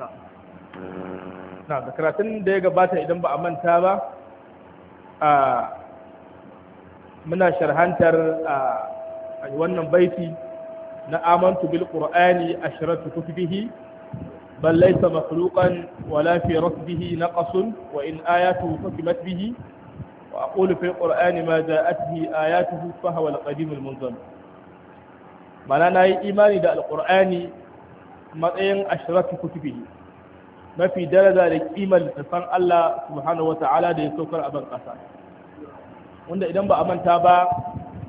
Eh. na da karatun da ya gabata idan ba a manta ba a muna sharhantar a wannan baiti na amantu bil qur'ani ashratu kutubihi bal laysa makhluqan wala fi rasbihi naqasun wa in ayatu fakimat bihi wa aqulu fil qur'ani ma ja'atuhu ayatuhu fa huwa al qadim al munzal mana nayi imani da al matsayin ashrafi kutubi mafi daraja da kimar littattafan Allah subhanahu wa ta'ala da ya saukar a ban ƙasa wanda idan ba a manta ba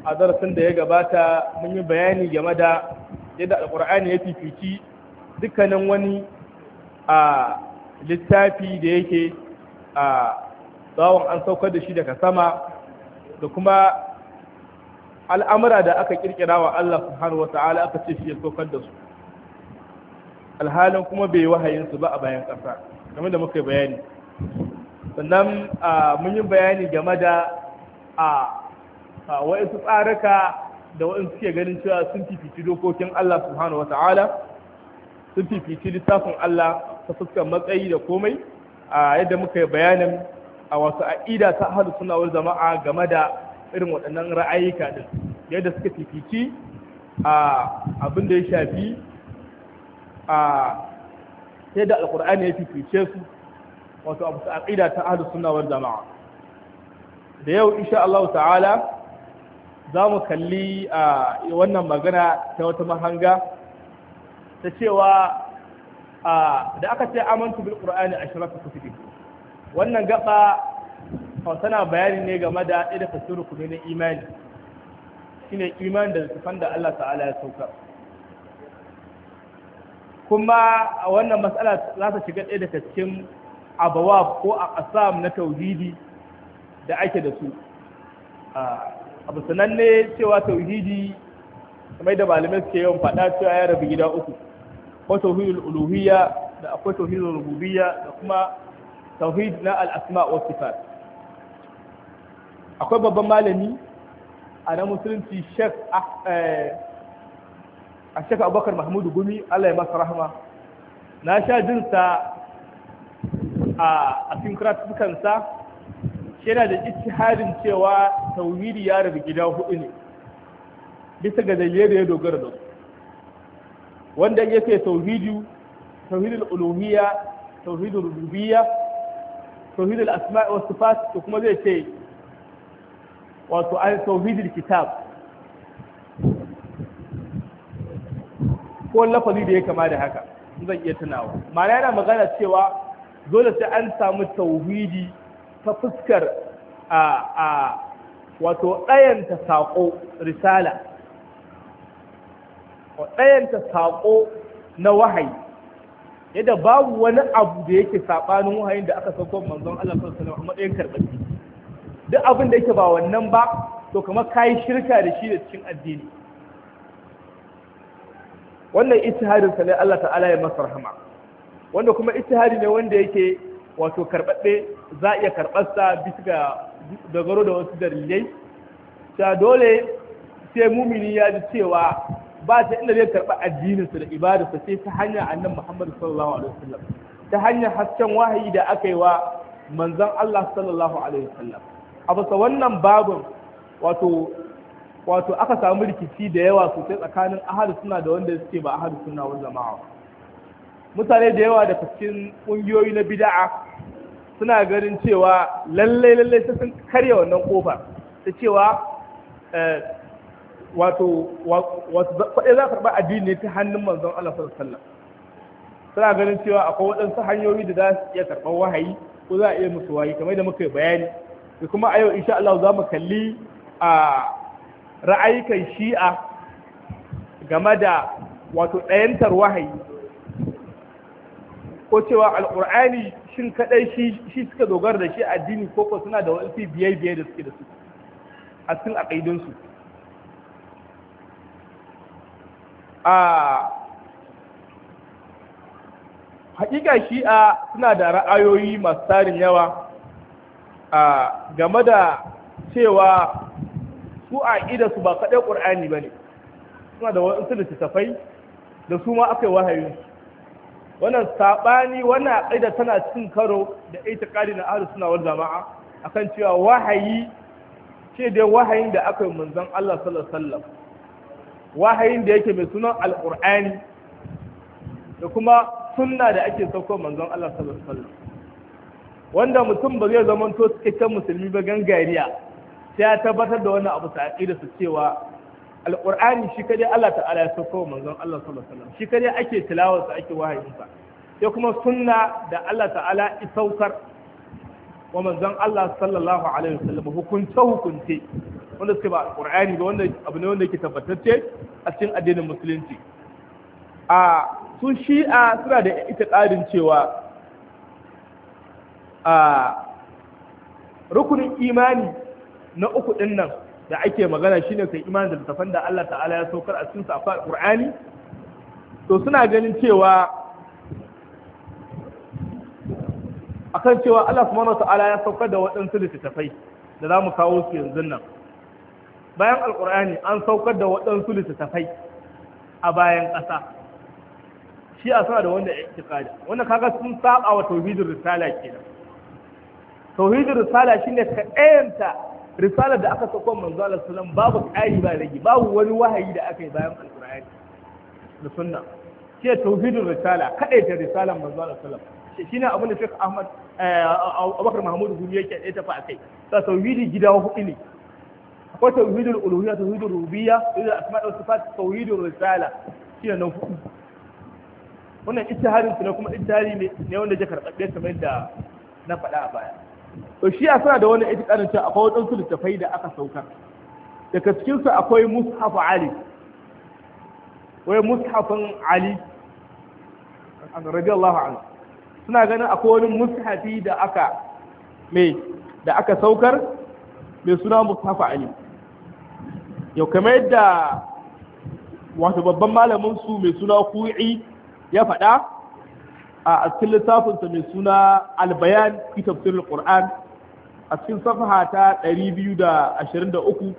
a darasin da ya gabata mun yi bayani game da yadda alƙur'ani ya fifici dukkanin wani a littafi da yake a tsawon an saukar da shi daga sama da kuma al'amura da aka ƙirƙira wa Allah subhanahu wa ta'ala aka ce shi ya saukar da su alhalin kuma bai wahayin su ba a bayan ƙasa game da muka bayani sannan mun yi bayani game da a wa'insu tsaraka da wa'insu suke ganin cewa sun fifici dokokin Allah subhanahu wa ta'ala sun fifici littafin Allah ta fuskar matsayi da komai a yadda muka yi bayanin a wasu a'ida ta hadu suna wani jama'a game da irin waɗannan ra'ayika din yadda suka fifici a abin da ya shafi a sai da alkur'ani ya fifice su wato abu ta ahlus sunnawar jama'a da yau insha Allah ta'ala za mu kalli a wannan magana ta wata mahanga ta cewa da aka ce amantu bil qur'ani ashraka kutubi wannan gaba tana bayani ne game da ɗaya da tasirin kudurin imani shine imani da littafan da Allah ta'ala ya saukar kuma wannan matsala za ta shiga ɗaya daga cikin abawa ko a asam na tauhidi da ake da su abu sananne cewa tauhidi mai da malamai suke yawan faɗa cewa ya rabu gida uku ko tauhidul uluhiyya da akwai tauhidul rububiyya da kuma tauhid na al'asma asma wa sifat akwai babban malami a na musulunci Sheikh eh, a shaka abubakar mahmudu gumi allah ya masa rahama na sha jinsa a cikin shi yana da harin cewa tauhidi ya rabu gida hudu ne bisa ga dalilai da ya dogara da wanda ya ce tauhidi tauhidul uluhiyya tauhidul rububiyya tauhidul asma'i wasu sifat to kuma zai ce wato an tauhidul kitab ko lafazi da ya kama da haka zan iya tunawa Mana yana magana cewa dole sai an samu tauhidi ta fuskar a a wato ɗayanta saƙo risala ɗayanta saƙo na wahayi yadda babu wani abu da yake saɓanin wahayin da aka sauko manzon Allah sallallahu alaihi wasallam matsayin duk abin da yake ba wannan ba to kamar kayi shirka da shi da cikin addini wannan ijtihadin sa ne Allah ta'ala ya masa rahama wanda kuma ijtihadi ne wanda yake wato karɓaɗɗe za a iya karɓarsa bisa ga dogaro da wasu dalilai ta dole sai mumini ya ji cewa ba ta inda zai karɓi addininsa da ibadarsa sai ta hanyar annan muhammadu sallallahu alaihi wasallam ta hanyar hasken wahayi da aka yi wa manzon Allah sallallahu alaihi wasallam a bisa wannan babin wato wato aka samu rikici da yawa sosai tsakanin ahadu suna da wanda suke ba ahadu suna wa jama'a mutane da yawa da cikin ƙungiyoyi na bida'a suna ganin cewa lalle lalle sai sun karya wannan kofar ta cewa eh, wato wato kwaɗe za karɓa addini ne ta hannun manzon Allah sallallahu alaihi wasallam suna ganin cewa akwai waɗansu hanyoyi da za su iya karɓar wahayi ko za a iya musu wahayi kamar da muka yi bayani da kuma a yau insha Allah za mu kalli a ah, ra'ayikan shi'a game da wato ɗayantar wahayi ko cewa alƙur'ani shin kaɗai shi suka dogara da shi addini ko ko suna da wasu biye-biye da suke da su a cikin aƙaidinsu a haƙiƙa shi'a suna da ra'ayoyi masu tarin yawa game da cewa su a ƙida su ba kaɗai ƙur'ani ba ne suna da wasu littattafai da su ma aka yi wahayi wannan saɓani wannan aƙida tana cin karo da ƙari na ahlus sunna wani jama'a akan cewa wahayi ce dai wahayin da aka yi manzon Allah sallallahu alaihi wahayin da yake mai sunan alƙur'ani da kuma sunna da ake sauko manzon Allah sallallahu alaihi wanda mutum ba zai zama to cikakken musulmi ba gangariya sai ya tabbatar da wannan abu ta aqida su cewa alqur'ani shi kadai Allah ta'ala ya sauko manzon Allah sallallahu alaihi wasallam shi kadai ake tilawar sa ake wahayin sa sai kuma sunna da Allah ta'ala saukar wa manzon Allah sallallahu alaihi wasallam hukunce hukunce wanda suke ba alqur'ani ba wanda abu ne wanda yake tabbatacce a cikin addinin musulunci a su shi'a suna da ita ƙarin cewa a rukunin imani na uku din nan da ake magana shine kai imani da tafan da Allah ta'ala ya saukar a cikin a Qur'ani to suna ganin cewa akan cewa Allah subhanahu ta'ala ya saukar da waɗansu littattafai da za mu kawo su yanzu nan bayan alƙur'ani an saukar da waɗansu littattafai a bayan ƙasa shi a sa da wanda ya ci kada wanda kaga sun saba wa tauhidin risala kenan tauhidin risala shine ka ɗayanta risalar da aka sakon manzo Allah sallam babu kai ba rage babu wani wahayi da aka yi bayan alqur'ani da sunna ke tauhidul risala kada ta risalar manzo Allah sallam shi ne abin da Sheikh Ahmad eh, Abubakar Mahmud Gumi yake da tafi akai ta tauhidi gida hudu ne akwai tauhidul uluhiyya tauhidul rububiyya tauhidul asma'i wa sifat tauhidul risala shi ne nan hudu wannan ittihadin su ne kuma ittihadi ne wanda ya karɓaɓɓe kamar da na faɗa a baya to shi ya suna da wannan itikadin cewa akwai waɗansu littafai da aka saukar daga cikinsu akwai mushafu ali wai mushafin ali radiyallahu anhu suna ganin akwai wani mushafi da aka mai da aka saukar mai suna mushafu ali yau kamar yadda wato babban malamin su mai suna ku'i ya faɗa a cikin littafinsa mai suna albayan fi tafsirul qur'an a cikin safaha ta 223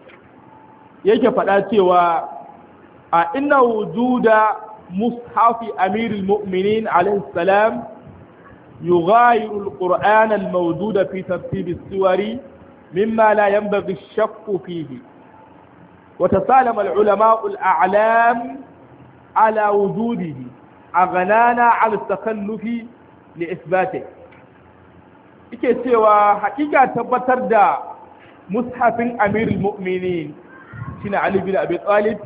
yake faɗa cewa a inna wujuda mushafi amirul mu'minin alaihi salam يغاير القرآن الموجود في ترتيب السور مما لا ينبغي الشك فيه وتسالم العلماء الأعلام على وجوده aghlana ala takallufi li isbati yake cewa hakika tabbatar da mushafin amirul mu'minin shine ali bin abi talib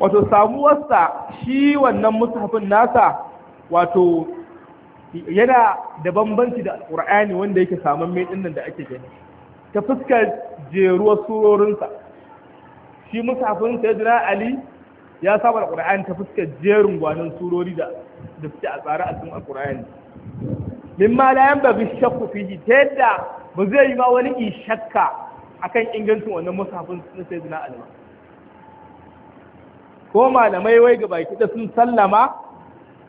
wato samuwarsa shi wannan mushafin nasa wato yana da bambanci da alqur'ani wanda yake saman mai dinnan da ake gani ta fuskar jeruwar surorinsa shi mushafin sayyidina ali ya saba alqur'ani ta fuskar jerin gwanin surori da da suke a tsare a cikin alqur'ani mimma la bi shakku fihi ta yadda ba zai yi ma wani in shakka akan ingancin wannan musafin na sayyidina ali ba ko malamai wai ga baki da sun sallama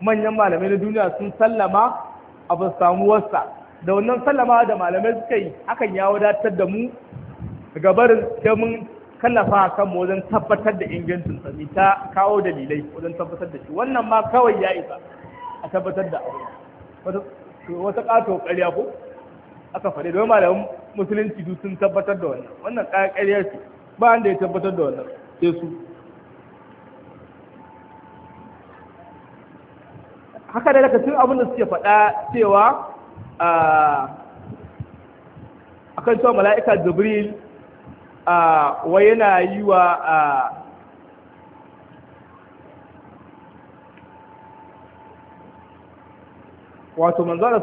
manyan malamai na duniya sun sallama a ba samu wasa da wannan sallama da malamai suka yi hakan ya wadatar da mu barin sai mun kallafa kan mu wajen tabbatar da ingancin sa ta kawo dalilai wajen tabbatar da shi wannan ma kawai ya isa a tabbatar da abu wata ƙato ƙarya ko aka faɗi don malamin musulunci duk sun tabbatar da wannan wannan ƙaryar ce ba wanda ya tabbatar da wannan sai su haka da daga cikin abin da suke faɗa cewa a ah, kan cewa mala'ika jibril Wa yana yi wa wato manzara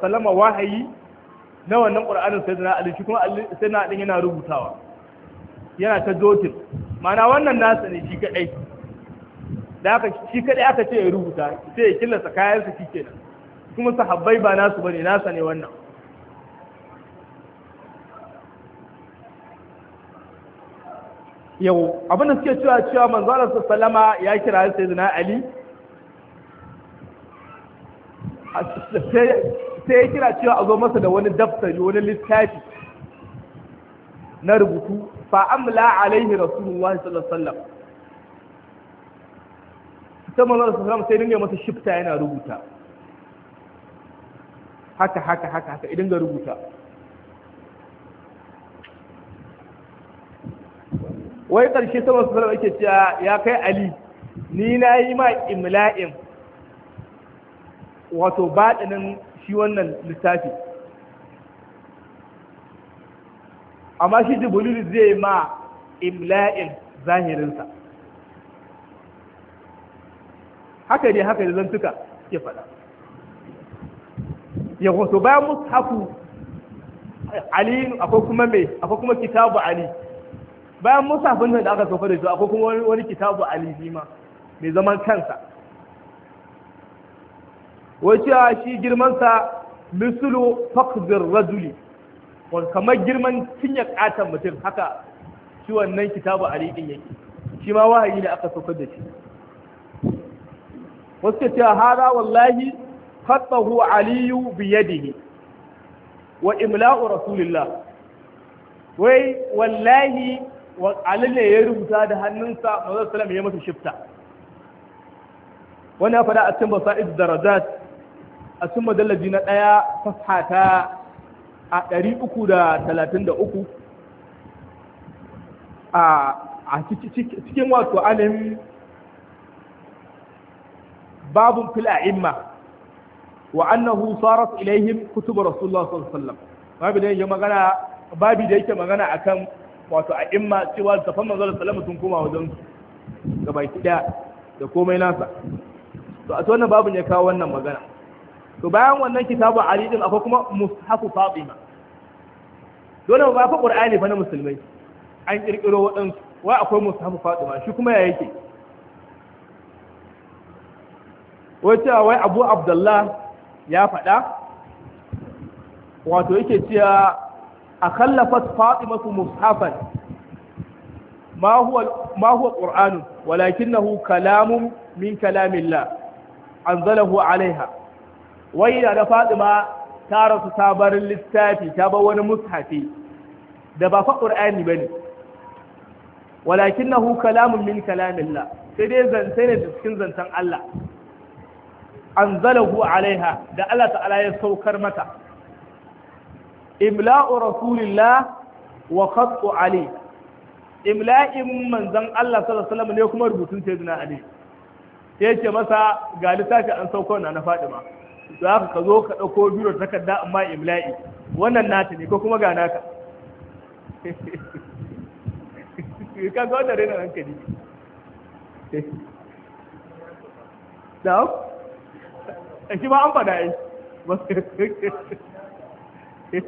salama wahayi na wannan ƙura'anin sai na alishi kuma sai na ɗin yana rubutawa yana ta dotin mana wannan nasa ne shi kaɗai da aka shi kaɗai aka ce ya rubuta sai ya killasa kayansa shi kenan kuma sahabbai ba nasu bane nasa ne wannan yau abin da suke cewa cewa Allah sallama ya kira sayyidina ali sai ya kira cewa a zo masa da wani daftari wani littafi na rubutu fa amla alaihi rasulullahi sallallahu alaihi wasallam sai Allah sallama sai dinga masa shifta yana rubuta haka haka haka haka idan ga rubuta wai ƙarshe sama su ake cewa ya kai ali ni na yi ma imla'in wato baɗinin shi wannan littafi amma shi jibrilu zai ma imla'in zahirinsa haka ne haka ne zantuka ke faɗa ya wato bayan haku ali akwai kuma mai akwai kuma kitabu ali bayan musa nan da aka sofa da su akwai kuma wani kitabu a ma mai zaman kansa a shi girmansa misulu fakzir rajuli kamar girman cinye katon mutum haka shi wannan kitabu alikin yake shi ma wahayi ne aka sofa da shi wasu ke cewa hada wallahi khattahu aliyu biyadihi wa imla'u rasulillah wai wallahi Ali ne ya rubuta da hannunsa manzo Salam ya mutu shifta wani ya faɗa a cikin basa'id darajat a cikin madallaji na ɗaya fasha ta a ɗari uku da talatin da uku a cikin wato alim babun fil a'imma wa annahu sarat ilaihim kutubu rasulullah sallallahu alaihi wasallam babu da yake magana babu da yake magana akan wato a imma cewa tafan manzo da salama sun koma wajen ga baki da da komai nasa to a wannan babin ya kawo wannan magana to bayan wannan kitabu ali din akwai kuma mushafu fatima dole ba fa qur'ani fa na musulmai an kirkiro waɗansu Wai akwai mushafu fatima shi kuma ya yake wai cewa wai abu abdullah ya faɗa wato yake cewa akallafat fatimatu mushafan ma huwa ma huwa qur'an walakinahu kalamun min kalamillah anzalahu alaiha wai da fatima ta rasu ta littafi ta bar wani mushafi da ba fa qur'ani bane walakinahu kalamun min kalamillah sai dai zance ne cikin zancen Allah anzalahu alaiha da Allah ta'ala ya saukar mata الله rasulillah علي املاء من imla'in الله Allah الله عليه وسلم ne kuma rubutun sayyidina ali sai yake ce masa ga littafi an sauko na na Fadima za ka ka zo ka dauko biro takarda amma imla'i wannan nata ne ko kuma ga naka ka ga wannan rena hankali da shi ba an faɗa ai to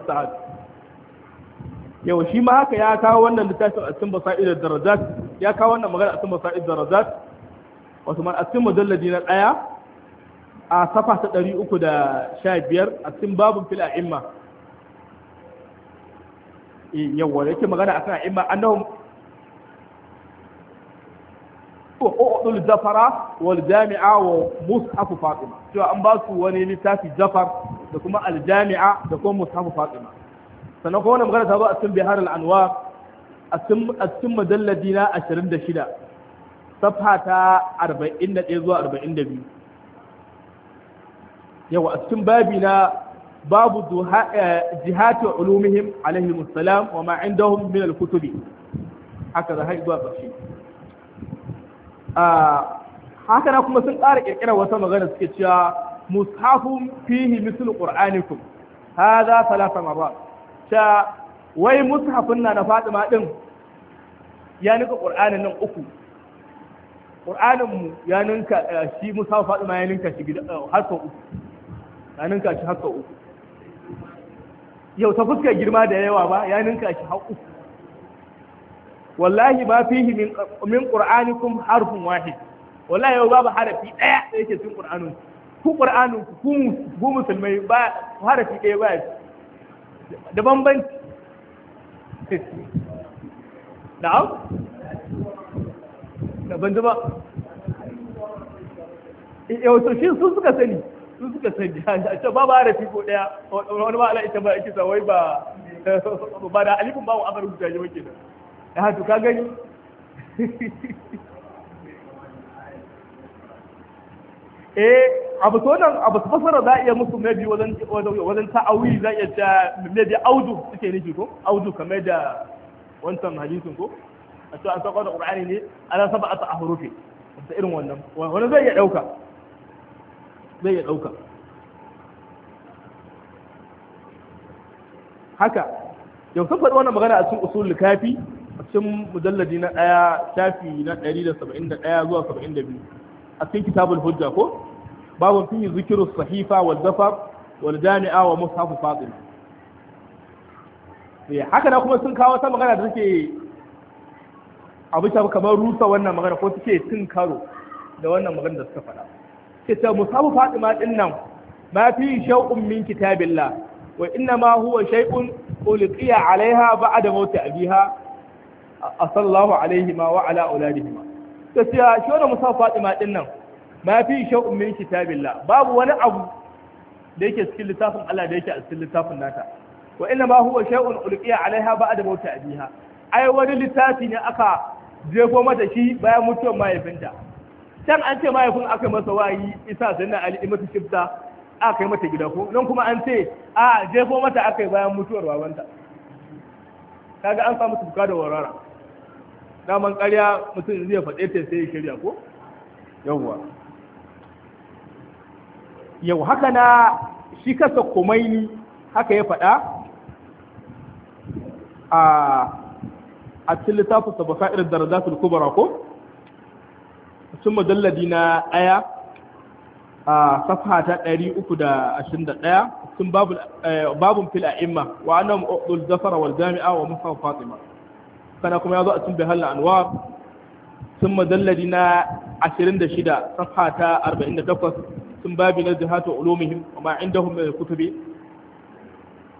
ne yau shi ma haka ya kawo wannan littafin a cikin basa'id darajat ya kawo wannan magana a cikin basa'id darajat wato man a cikin mujalladi na daya a safa ta 315 a cikin babun fil a'imma eh, yawwa yake magana akan a'imma annahum uqul zafara wal jami'a wa mushaf fatima cewa an ba su wani littafi zafar da kuma al jami'a da kuma mushaf fatima sannan kuma magana ta zo a cikin bihar al a cikin majalladi na 26 safha ta 41 zuwa 42 yawa a cikin babi na babu eh, jihati ulumihim alaihi salam wa ma indahum min al kutubi haka da har zuwa ƙarshe haka na kuma sun ƙara ƙirƙirar wata magana suke cewa mushafun fihi misul qur'anikum hadha thalatha marrat ta wai mushafun na na Fatima din ya nika qur'anin nan uku qur'anin mu ya ninka eh, shi mushaf Fatima ya ninka shi eh, har sau uku ya ninka shi har sau uku yau ta fuskar girma da yawa ba ya ninka shi har uku wallahi ba fihi min min qur'anikum harfun wahid wallahi yau babu harafi daya da yake cikin qur'anin ku qur'anin ku ku musulmai ba harafi daya ba da bambanci na'am da banda ba yau to shi su suka sani su suka sani a ce babu harafi ko daya wani ba ala ita ba ita wai ba ba da alifin ba amar rubuta da wake da ya eh, hatu ka gani eh abu to nan abu fasara za a iya musu maybe wajen wajen ta'awili za a iya ta maybe audu suke nufi ko audu kamar da wancan hadisin ko a cewa an saka da qur'ani ne ala sab'ata ahrufi ta irin wannan wani zai iya dauka zai iya dauka haka yau sun faɗi wannan magana a cikin usul kafi cikin mujalladi na ɗaya shafi na ɗari da saba'in da ɗaya zuwa saba'in da biyu a cikin kitabul hujja ko babu fi zikiru sahifa wal zafar wal jami'a wa mushafu fatima eh, haka na kuma sun kawo ta magana da take abu ta kamar rusa wannan magana ko take cin karo da wannan magana da suka faɗa ce ta mushafu ma din nan ma fi shay'un min kitabillah wa inna ma huwa shay'un ulqiya alaiha ba'da mauti abiha sallallahu alaihi ma wa ala auladihi ma to sai shi wannan musa fatima din nan ma fi shay'un min kitabillah babu wani abu da yake cikin littafin Allah da yake a cikin littafin nata wa inna ma huwa shay'un ulqiya alaiha ba'da mauti abiha ai wani littafi ne aka jefo mata shi bayan mutuwar mahaifinta can an ce mahaifin aka masa wayi isa sanna ali imatu shifta aka yi mata gida ko nan kuma an ce a jefo mata aka yi bayan mutuwar babanta kaga an samu tuka da warara daman karya mutum zai faɗe ta sai ya shirya ko yawwa yau haka na shi kasa ni haka ya faɗa a cikin littafin sa basairar darajatul kubra ko sun mujalladi na ɗaya a safha ta 321 sun eh, babun fil a'imma wa annam uqdul zafara wal jami'a wa musaf fatima kana kuma ya zo a cikin bihal anwar sun madalladi na 26 safha ta 48 sun babi na zihatu ulumihim amma indahum min kutubi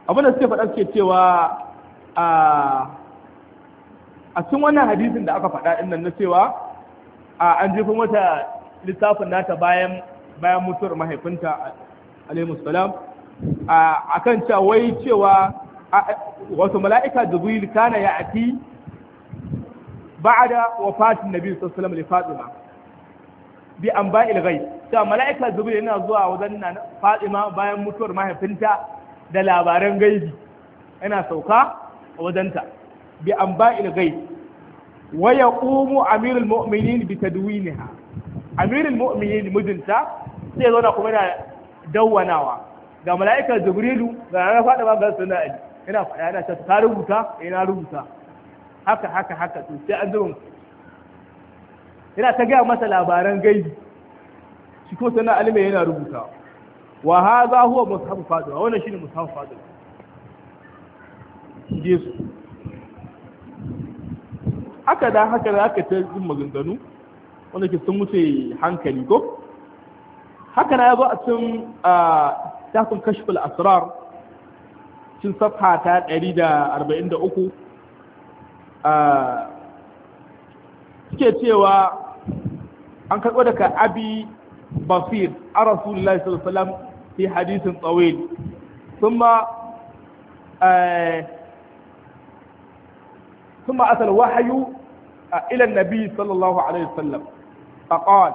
abin da suke faɗa suke cewa a a cikin wannan hadisin da aka faɗa ɗin nan na cewa a an jefa mata littafin nata bayan bayan mutuwar mahaifinta alaihi salam a kan cewa wai cewa wato mala'ika jibril kana ya ati ba'da wafatin nabi sallallahu alaihi wasallam li fatima bi anba'il ghaib ta mala'ika jibril yana zuwa wajen nan bayan mutuwar mahaifinta da labaran gaibi yana sauka a wajenta bi anba'il ghaib wa yaqumu amirul mu'minin bi amirul mu'minin ga mala'ika jibrilu ga ranar fatima ga sunna ali yana faɗa yana ta rubuta yana eh, rubuta haka haka haka to sai an zo yana ta gaya masa labaran gaibi shi ko sana alimai yana rubuta wa hadha huwa fadu a wannan shi shine mushafu fadu Jesu. haka da haka da haka ta yin maganganu wanda ke sun wuce hankali ko haka na yazo a a tafin kashful asirar cin safha ta 143 suke cewa an karɓo daga abi basir a rasulullah sallallahu fi hadisin tsawil thumma eh, thumma asal wahayu ila nabi sallallahu alaihi wasallam faqal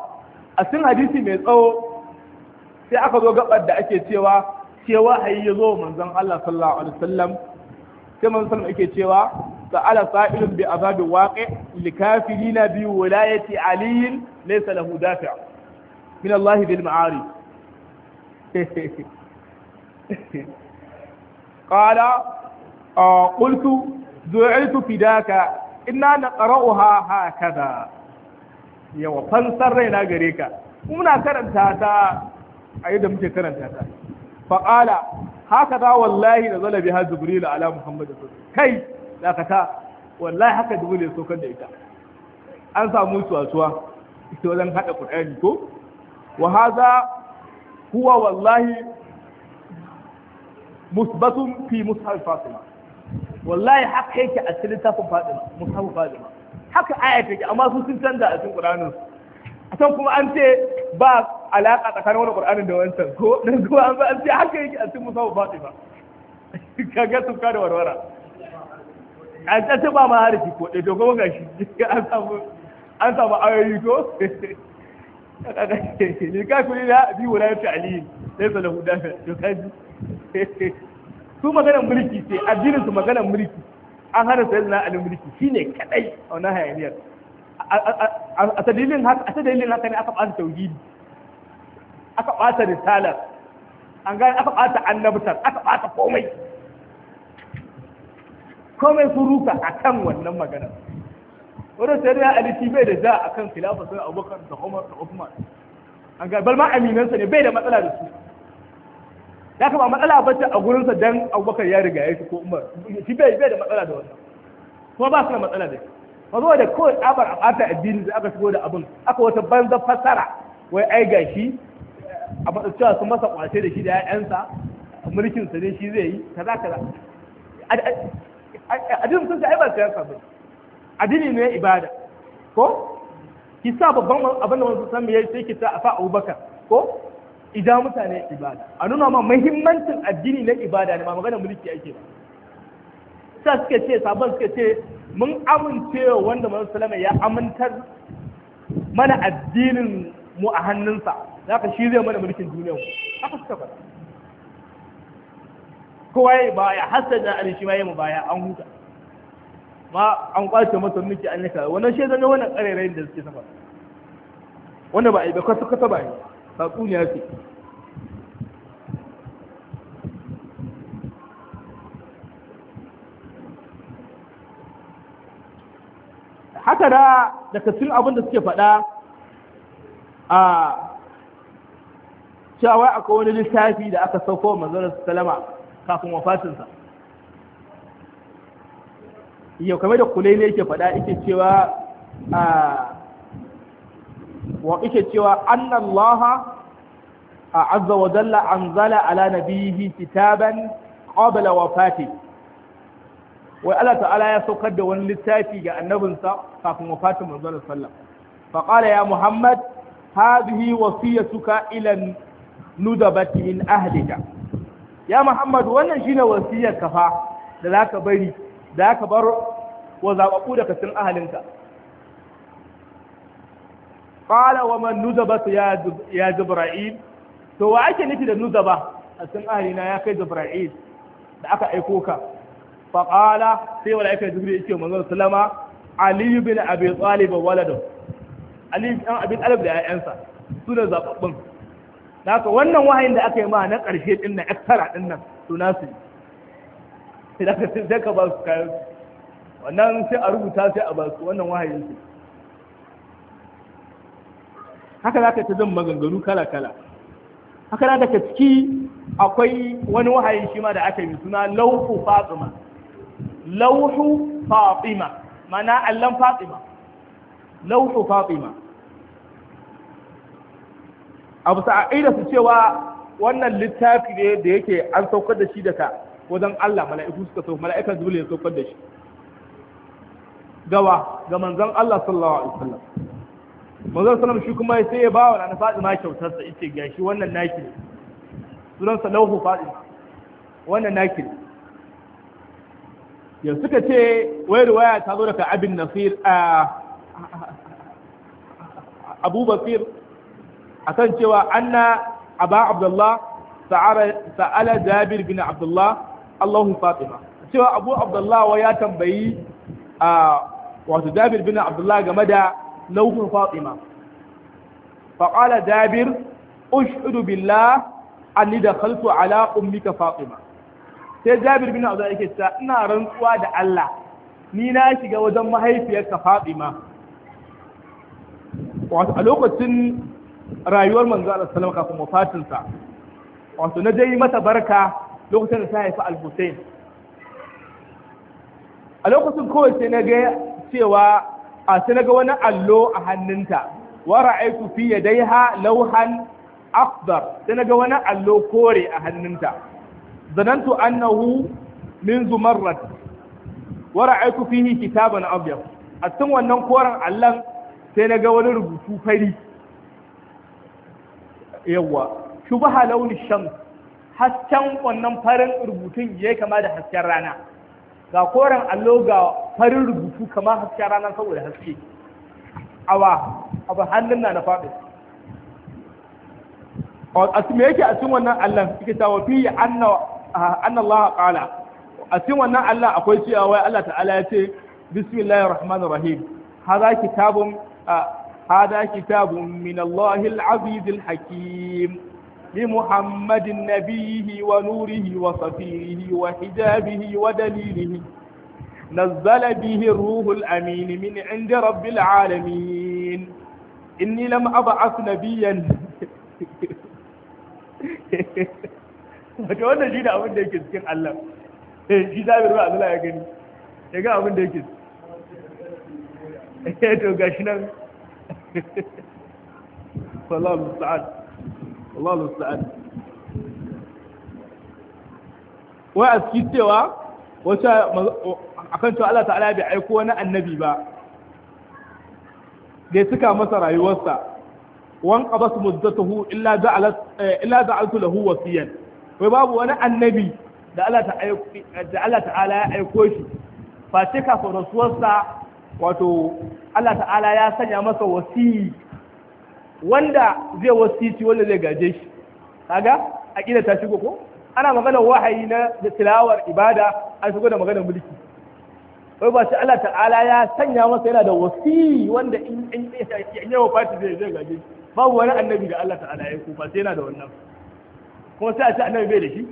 a cikin hadisi mai tsawo sai aka zo gabar da ake cewa cewa hayi ya zo manzon Allah sallallahu alaihi sai manzo sallallahu alaihi yake cewa sa'ala sa'ilun bi azabi waqi' li kafirina bi wilayati ali laysa lahu dafi' min Allah bil ma'ari qala ah, qultu du'iltu fidaka inna naqra'uha hakaza yawa fansar raina gare ka muna karanta ta a yadda muke karanta ta faqala haka ta wallahi da zalabi ha jibril ala muhammad kai dakata wallahi haka jibril ya saukar da ita an samu suwasuwa ita wajen hada qur'ani ko wa hadha huwa wallahi musbatun fi mushaf fatima wallahi haka yake a cikin tafin fatima mushaf fatima haka aya take amma su sun canza a cikin qur'anin a san kuma an ce ba alaka tsakanin wani qur'anin da wancan ko dan ko an ba an haka yake a cikin musamman musawu fatima kaga tuka da warwara an ta ba ma harafi ko ɗaya to kuma gashi an samu an samu ayoyi ko ne ka kuli na bi wala ta ali sai sa lahu dafa to kaji su maganar mulki ce addinin su maganar mulki an hana sai na ali mulki shine kadai a wannan hayaniyar a dalilin haka ne aka ba tauhidi aka ɓata risalar an gane aka ɓata annabtar aka ɓata komai komai sun ruka a kan wannan maganar wadda sai ya ali shi bai da za a kan filafa sun abubakar da umar da hukumar an gane balma aminansa ne bai da matsala da su ya kama matsala ba ce a gurinsa dan abubakar ya riga ya fi ko umar shi bai da matsala da wannan kuma ba su da matsala da shi da kowai tsabar a ɓata addini da aka shigo da abin aka wata banza fasara wai ai gashi a cewa sun masa ƙwace da shi da ‘ya’yansa mulkin sa ne shi zai yi za kaza addinin sun ai ba siyasa ba addini ne ibada ko ki sa babban abin da wasu san me yi sai ki sa afa Abubakar ko ida mutane ibada a nuna ma muhimmancin addini na ibada ne ma magana mulki ake ba sa suka ce sabon suka ce mun amince wanda manzo Salama ya amintar mana addinin mu a hannunsa ka shi zai mana mulkin duniyar haka suka faɗa kowa ya baya hasan da alishi shi ma yayi baya an huta ma an kwace masa miki an nika wannan shi zan wannan karerayin da suke saba wanda ba a yi ba kwata kwata ba ne tatsuniya ce haka da daga cikin abin da suke faɗa a cewa akwai wani littafi da aka sauko manzon salama kafin wafatinsa yau kamar da kulai ne yake faɗa yake cewa a wa yake cewa annallaha عز وجل أنزل على نبيه كتابا قبل وفاته وألا تعالى يسوق الدوان للتاتي النبي صلى الله عليه وسلم فقال ya Muhammad. hadhihi wasiyatuka ila nudabati min ahlika ya muhammad wannan shine wasiyar ka fa da zaka bari da zaka bar wa zababu daga cikin ahalinka qala nudabatu ya ya to wa ake nufi da nudaba a cikin ahalina ya kai jibril da aka aiko ka fa qala sai malaika jibril Aliyu bin abi waladu ali dan abin alif da 'ya'yansa su zababbin. zababbun haka wannan wahayin da aka yi ma na ƙarshe ɗin na extra ɗin nan to nasu sai ka sai ka ba su kayan wannan sai a rubuta sai a ba su wannan wahayin su haka za ka ta zan maganganu kala kala haka zaka ta ciki akwai wani wahayin shi ma da aka yi suna lauhu fatima lauhu fatima mana allan fatima lauhu fatima abu sa'ida su cewa wannan littafi ne da yake an saukar da shi daga wajen Allah mala'iku suka sauka mala'ika jibril ya saukar da shi gawa ga manzon Allah sallallahu alaihi wasallam manzon sallam shi kuma sai ya bawa na Fatima kyautar sa yace ga shi wannan naki ne sunan sa lauhu fadi wannan naki ne yanzu suka ce wai ruwaya ta zo daga abin nasir a ah, Abu Basir akan cewa anna aba abdullah sa'ala jabir bin abdullah allahu fatima cewa abu abdullah wa ya tambayi a wato jabir bin abdullah game da laufin fatima فقال جابر أشهد بالله أني دخلت على أمك فاطمة sai Jabir bin Abdullah yake cewa ina rantsuwa da Allah ni na shiga wajen mahaifiyarka Fatima wato a lokacin rayuwar manzo Allah sallallahu alaihi kafin wafatinsa wato na dai mata barka lokacin da ta haifi al-Husayn a lokacin kawai sai na ga cewa a sai na ga wani allo a hannunta wa ra'aytu fi yadayha lawhan akhdar sai na ga wani allo kore a hannunta zanantu annahu min zumarrat wa ra'aytu fihi kitaban abyad a cikin wannan koren allon sai na ga wani rubutu fari Yawwa shubaha launin shams hasken wannan farin rubutun ya kama da hasken rana ga koren allo ga farin rubutu kama hasken rana saboda haske awa abu hannun na na faɗi a cikin yake a cikin wannan allon suke cewa fi anna Allah qala a cikin wannan allah akwai cewa wai Allah ta'ala ya ce bismillahir rahmanir rahim hadha kitabun هذا كتاب من الله العزيز الحكيم لمحمد نبيه ونوره وصفيه وحجابه ودليله نزل به الروح الأمين من عند رب العالمين إني لم أبعث نبيا wato wannan shi da abin da yake cikin Allah shi zaɓi ruwa Allah ya gani ya ga abin da yake to gashi nan والله المستعان والله المستعان wai a cikin cewa Allah ta'ala bai wani annabi ba da ya cika masa rayuwarsa wan qabas muddatuhu illa ja'alat eh, illa ja'altu lahu wasiyan wai babu wani annabi da Allah ta da Allah ta'ala ya aiko shi fa cika rasuwarsa wato Allah ta'ala ya sanya masa wasi wanda zai wasiti wanda zai gaje shi kaga aqida ta shigo ko ana magana wahayi na da tilawar ibada an shigo da magana mulki wai ba shi Allah ta'ala ya sanya masa yana da wasi wanda in in ya yawa fati zai zai gaje babu wani annabi da Allah ta'ala ya kufa sai yana da wannan kuma sai a ce annabi bai da shi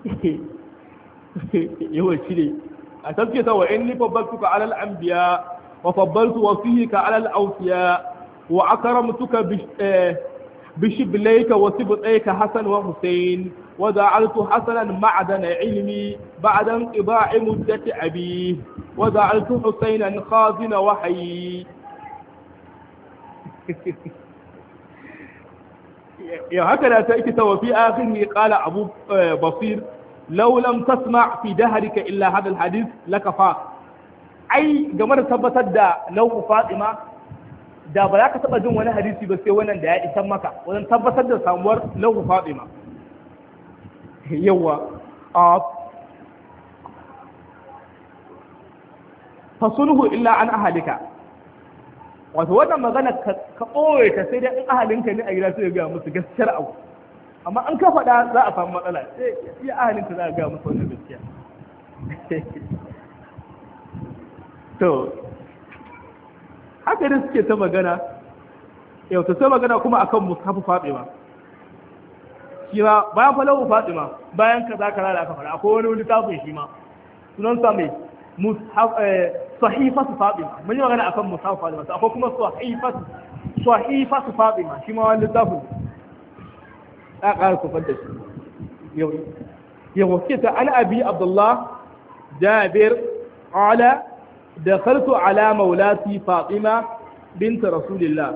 yawan shi ne a tafiye ta wa in ni fabbaltu ka alal anbiya wa fabbaltu wa fihi ka alal awsiya wa akramtuka bi eh, shiblaika wa sibtaika hasan wa husain wa ja'altu hasanan ma'dana ilmi ba'da inqida'i muddati abi wa ja'altu husainan khazina wa hayy ya haka da ta ikita wa fi akhiri qala abu eh, basir law lam tasma fi dahrika illa hadha alhadith lakafa ai game da tabbatar da lawu fatima da ba za ka taba jin wani hadisi ba sai wannan da ya isan maka wajen tabbatar da samuwar lawu fatima yawa a fasulhu illa an ahalika wato wannan magana ka sai dai in ahalinka ne a gida ya gaya musu gaskiyar abu amma an ka faɗa za a samu matsala sai eh, ahalin ta za a ga musu wannan gaskiya to haka da suke ta magana yau ta sai magana kuma akan mushafu fadima shi ma bayan falawu fadima bayan kaza ka da aka fara akwai wani wani tafin shi ma sunan sa mai eh, sahifatu fadima mun yi magana akan mushafu fadima akwai kuma sahifatu sahifatu fadima shi ma wani tafin za a ƙara kufar da shi yau kisa an abi abdullah jabir ala da kartu ala maulati fatima binta rasulillah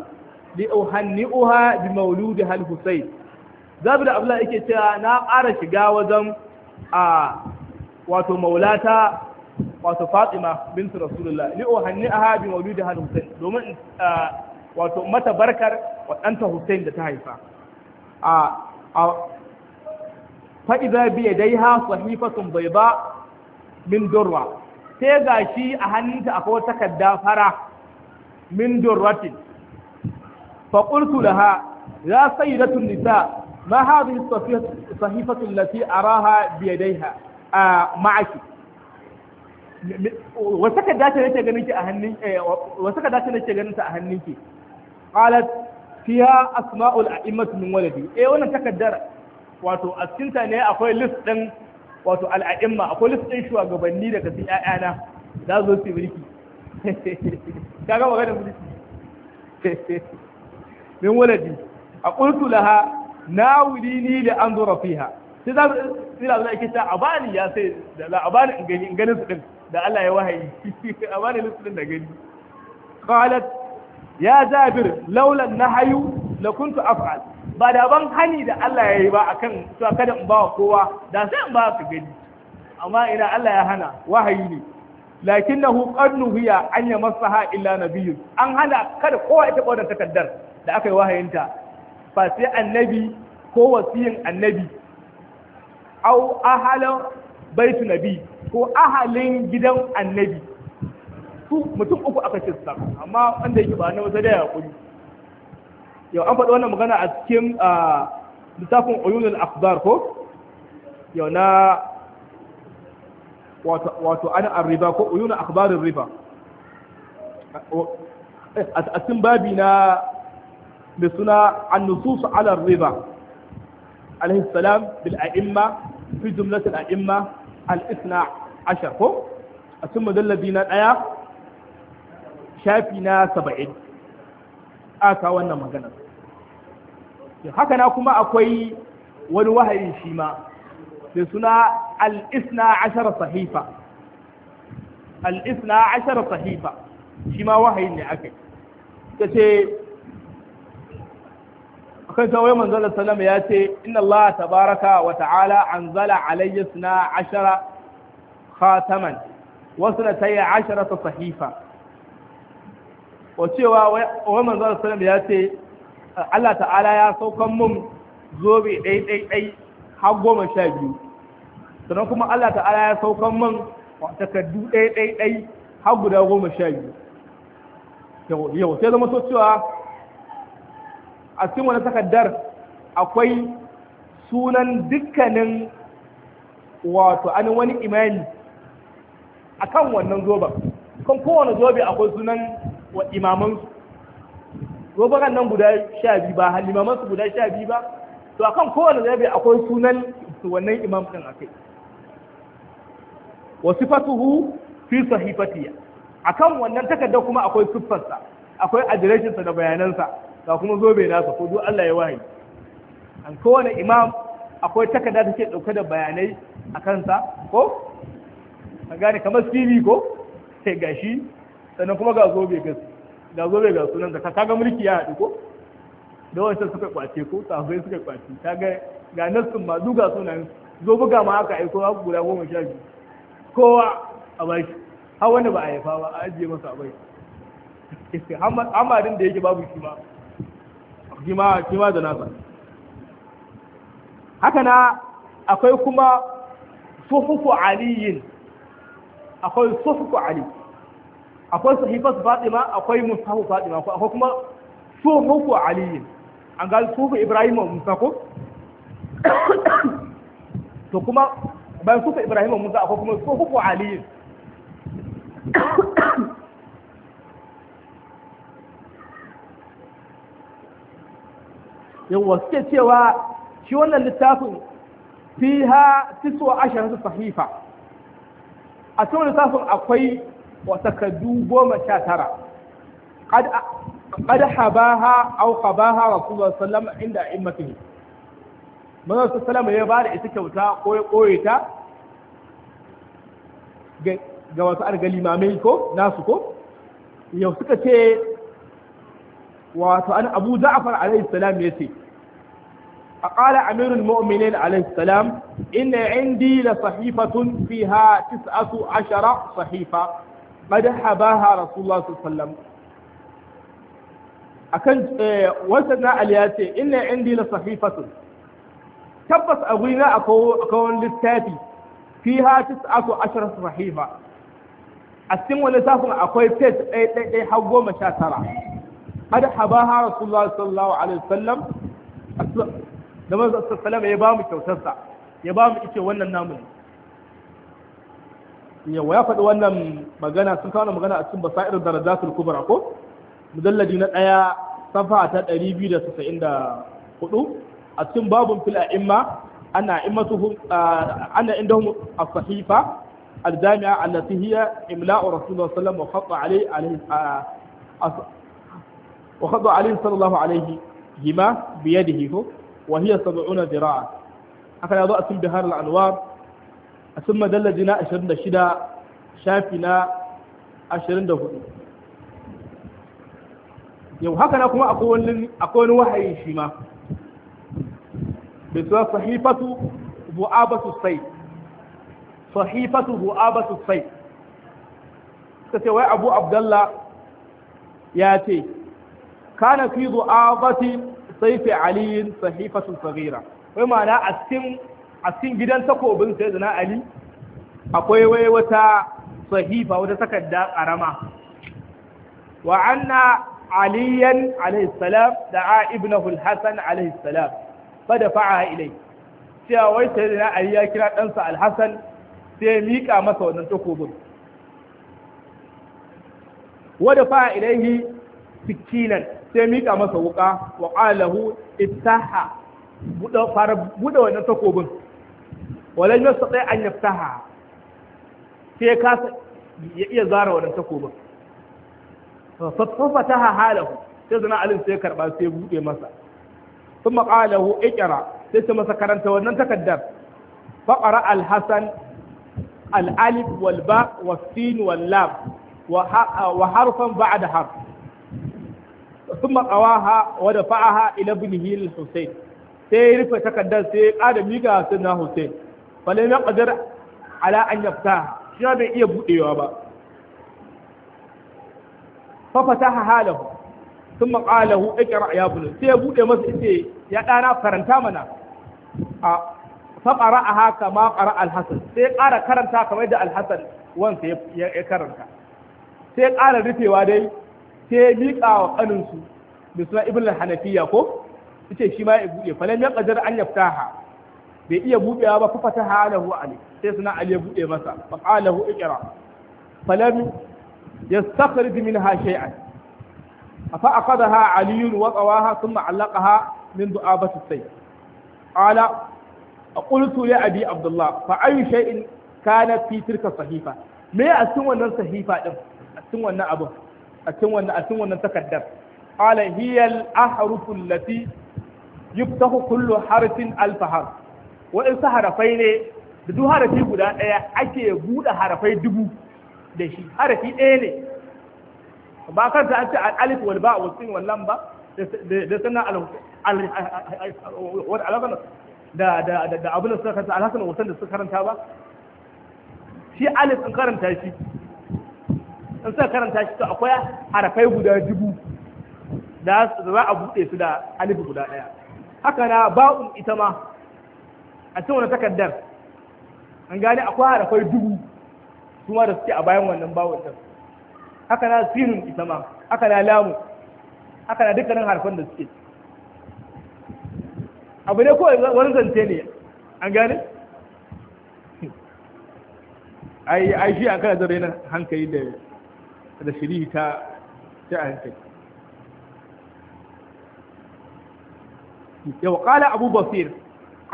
li uhanni'uha bi mauludi hal husayn jabir abdullah yake cewa na ƙara shiga wajen a wato maulata wato fatima binta rasulillah li uhanni'uha bi mauludi hal husayn wato mata barkar wadanta husayn da ta haifa fa'iza biya dai ha sahifatun bai ba min durwa sai ga shi a hannunta akwai takarda fara min durwatin faƙultu da ha ya sayi da nisa ma haɗin sahifatun lati a raha biya dai ha a ma'aki wasu takarda ce nake ganin ki a hannun eh, hannunki fiya asma'ul a'immatu min waladi eh wannan takaddara wato a cikin ta ne akwai list din wato al'a'imma akwai list din shugabanni daga cikin ƴaƴana za zo su mulki kaga magana mulki min waladi a qultu laha ni da anzura fiha sai za su ila zuwa ake ta abani ya sai da abani in gani in ganin su din da Allah ya wahayi abani list din da gani qalat ya jabir laulan na nahayu da kuntu af'al ba da ban hani da Allah ya yi ba akan cewa kada in ba kowa da sai in ba ka gani amma ina Allah ya hana wahayi ne lakinnahu qad nuhiya an yamassaha illa biyu. an hana kada kowa ya taba takaddar da aka yi wahayinta fa sai annabi ko wasiyin annabi au ahalin baitu nabi ko ahalin gidan annabi su mutum uku aka ce sa amma wanda yake ba na wasa da yaƙuri yau an faɗi wannan magana a cikin littafin oyunul akbar ko yau na wato an arriba ko oyunul akbarin riba a cikin babi na mai suna annususu ala riba alaihi salam bil a'imma fi jumlatul a'imma al-isna ashar ko a cikin mujallabi na ɗaya shafi na saba'in aka wannan magana haka na kuma akwai wani wahayin shi ma da suna al'isna ashar sahifa al'isna ashar sahifa shi ma wahayin ne aka yi ta ce akan sauye manzala salama ya ce inna Allah tabaraka wa ta'ala an zala alayya suna ashara khataman wasu na ta yi ashara sahifa wa cewa wa manzon sallam ya ce Allah ta'ala ya saukan mun zobe dai dai dai har goma sha biyu sannan kuma Allah ta'ala ya saukan mun takardu dai dai dai har guda goma sha biyu yau sai zama so cewa a cikin wani takardar akwai sunan dukkanin wato an wani imani a kan wannan zoben kan kowane zobe akwai sunan wa imamansu gobaran nan guda sha biyu ba halimamansu guda sha biyu ba to akan kowane zabe akwai sunan wannan imam din akai wa sifatuhu fi sahifatiya akan wannan takarda kuma akwai siffarsa akwai adireshinsa da bayanansa ga kuma zobe nasa ko duk Allah ya wahayi an kowane imam akwai takarda take dauke da bayanai a kansa ko an gane kamar CV ko sai gashi sannan kuma ga zobe ga ga zobe ga sunan ka ga mulki ya haɗu ko da wancan suka kwace ko tafai suka kwace kaga ga nassun ma du ga sunan zobe buga ma aka aiko haka guda goma sha biyu kowa a bashi har wani ba a haifa ba a ajiye masa abai bai da yake babu shi ma shi ma da nasa haka na akwai kuma sufufu aliyin akwai sufufu aliyin akwai sahifas fatima akwai fadima fatima akwai kuma suhufu ali an ga suhufu ibrahim musa ko to kuma bayan suhufu ibrahim musa akwai kuma suhufu ali yawwa suke cewa shi wannan littafin fiha tiso ashirin sahifa a cikin littafin akwai wa takardu goma sha tara qad habaha aw qabaha rasulullah sallallahu alaihi inda a'immatihi manzo ya bada da ita kyauta ko ya koye ta ga wasu argali mamai ko nasu ko yau suka ce wato an abu alaihi salam ya ce فقال أمير المؤمنين عليه السلام إن عندي لصحيفة فيها تسعة عشر صحيفة qad habaha rasulullah sallallahu alaihi wasallam akan wata na ali ya ce inna indi la sahifatun tabbas a gurina a wani littafi fiha tis'atu ashara sahifa a cikin wani safin akwai page ɗaya ɗaya har goma sha tara qad rasulullah sallallahu alaihi wasallam da sallallahu alaihi wasallam ya ba mu kyautarsa ya ba mu ice wannan namu ne yau ya faɗi wannan magana sun kawo magana a cikin basairin darajatul kubra ko mujalladi na ɗaya safa ta hudu a cikin babun fil a'imma ana immatuhum ana indahum as-sahifa al-jami'a imla'u rasulullah sallallahu wa khatta alaihi wa khatta alaihi sallallahu alaihi hima biyadihi ko wa hiya 70 dira'an haka ya zo a cikin bihar al-anwar a sun madallaji na 26 shafi na 24 yau haka na kuma akwai wani wahayi shi ma bai suna sahifatu bu'abatu sai sahifatu bu'abatu sai ta ce wai abu abdallah ya ce kana fi bu'abati sai fi aliyin sahifatun sagira wai ma'ana a cikin a cikin gidan takobin sai zina ali akwai wai wata sahifa wata takarda ƙarama. wa anna aliyan alaihi salam da ibnahu al-hasan alaihi salam fa dafa'a ilai cewa wai sai zina ali ya kira ɗansa al-hasan sai ya miƙa masa wannan takobin wadda fa ilaihi sikinan sai miƙa masa wuƙa, wa qalahu ittaha buɗe fara buɗe wannan takobin walan yastati an yaftaha sai ya kasa iya zara wannan takobin fa fataha halahu sai zana alin sai karba sai bude masa ثم قال له اقرا sai masa karanta wannan takaddar faqara al-hasan al-alif wal wa sin wa harfan ثم قواها ودفعها الى ابنه الحسين sai rufe takardar sai ya kada miga sunna falam yaqdir ala an yaftaha shi bai iya buɗewa ba fa fataha halahu thumma qala hu ikra ya bunu sai ya bude masa ce ya ɗana faranta mana a fa qara'aha kama qara'a al-hasan sai ƙara karanta kamar da Alhassan hasan wansa ya karanta sai ƙara rufewa dai sai miƙa wa ƙaninsu, da suna ibn hanafiya ko yace shi ma ya buɗe. bude falam yaqdir an yaftaha bai iya buɗewa ba fa fataha halahu ali sai suna ali ya buɗe masa fa qala lahu iqra falam yastakhrij minha shay'an fa aqadaha ali wa qawaha thumma allaqaha min du'abati sayy qala qultu li abi abdullah fa ayu shay'in kana fi tilka sahifa me a cikin wannan sahifa din a cikin wannan abu a cikin wannan a cikin wannan takaddar qala hiya al ahrufu allati yuftahu kullu harfin alf harf waɗansu harafai ne da duk harafi guda ɗaya ake buɗe harafai dubu da shi harafi ɗaya ne ba kanta an ce alif wal ba wal sin wal lam ba da sanna al wa alafan da da da abin da suka karanta alhasan wasan da suka karanta ba shi alif in karanta shi in suka karanta shi to akwai harafai guda dubu da za a buɗe su da alif guda ɗaya haka na ba'un ita ma a cikin wani takardar an gane akwai harafai dubu su ma da suke a bayan wannan bawon ɗin haka na sirrin ita ma haka na lamu haka na dukkanin harfan da suke abu ne ko wani zance ne an gane ai ai shi an kana zare na hankali da da shiri ta ta hankali yau أبو abu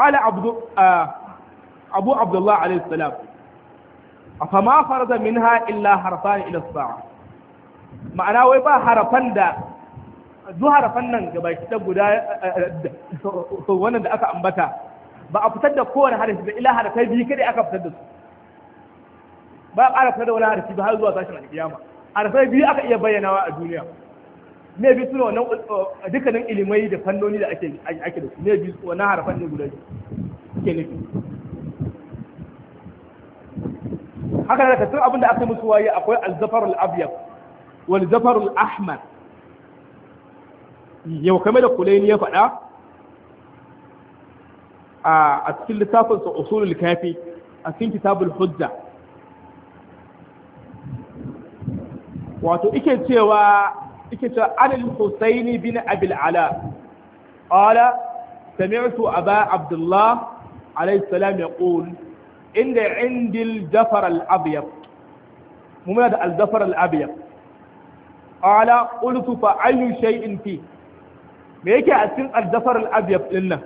qala abdu abu abdullah alayhi salam afama farada minha illa harfan ila sa'a ma'ana wai ba harafan da duk harafan nan gabaki da guda wannan da aka ambata ba a fitar da kowane harafi da ila harafai biyu kada aka fitar da su ba a ƙara fitar da wani harafi ba har zuwa sashen alƙiyama harafai biyu aka iya bayyanawa a duniya me bi suna wannan uh, dukkanin ilimai da fannoni da ake ake da su me bi wannan harafan ne guda ke nufi haka da kasar abin da aka musu waye akwai al-zafarul abyad wal zafarul ahmar yau kame da kulaini ya faɗa a cikin littafin sa usulul kafi a cikin kitabul hujja wato ike cewa تكت عن الحسين بن أبي العلاء قال سمعت أبا عبد الله عليه السلام يقول إن عند الجفر الأبيض ممتاز الجفر الأبيض قال قلت فأي شيء فيه ميك أسن الجفر الأبيض لنا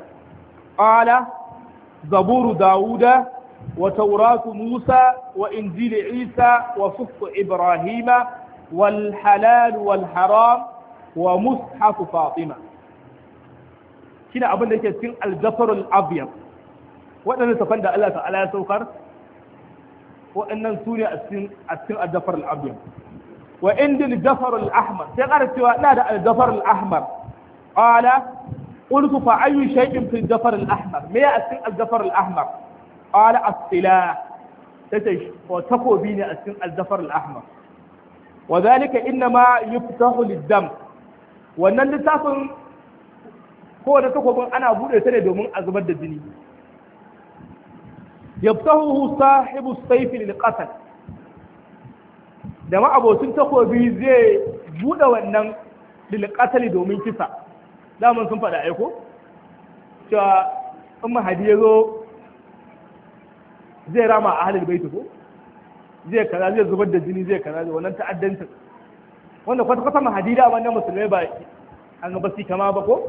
قال زبور داود وتوراة موسى وإنجيل عيسى وصف إبراهيم والحلال والحرام ومصحف فاطمة شنو أبن لك سين الجفر الأبيض وأنا نتفل دا ألا تعالى سوكر وأن سوريا السين الجفر الأبيض وإن الجفر الأحمر تقرأت لا دا الجفر الأحمر قال قلت فأي شيء في الجفر الأحمر ما السين الجفر الأحمر قال الصلاح تتش وتقو بين السين الجفر الأحمر wa zalika ma yuftahu Lidam, wannan littafin kowane takobin ana buɗe ta ne domin a zubar da jini yabtahu sahibu sayfi lil qatl da ma takobi zai buɗe wannan lil qatl domin kisa daman sun faɗa aiko cewa in mahadi ya zo zai rama a halin baiti ko zai kaza zai zubar da jini zai kaza wannan ta'addancin wanda kwata kwata mahadida wannan musulmai ba an ga basi kama ba ko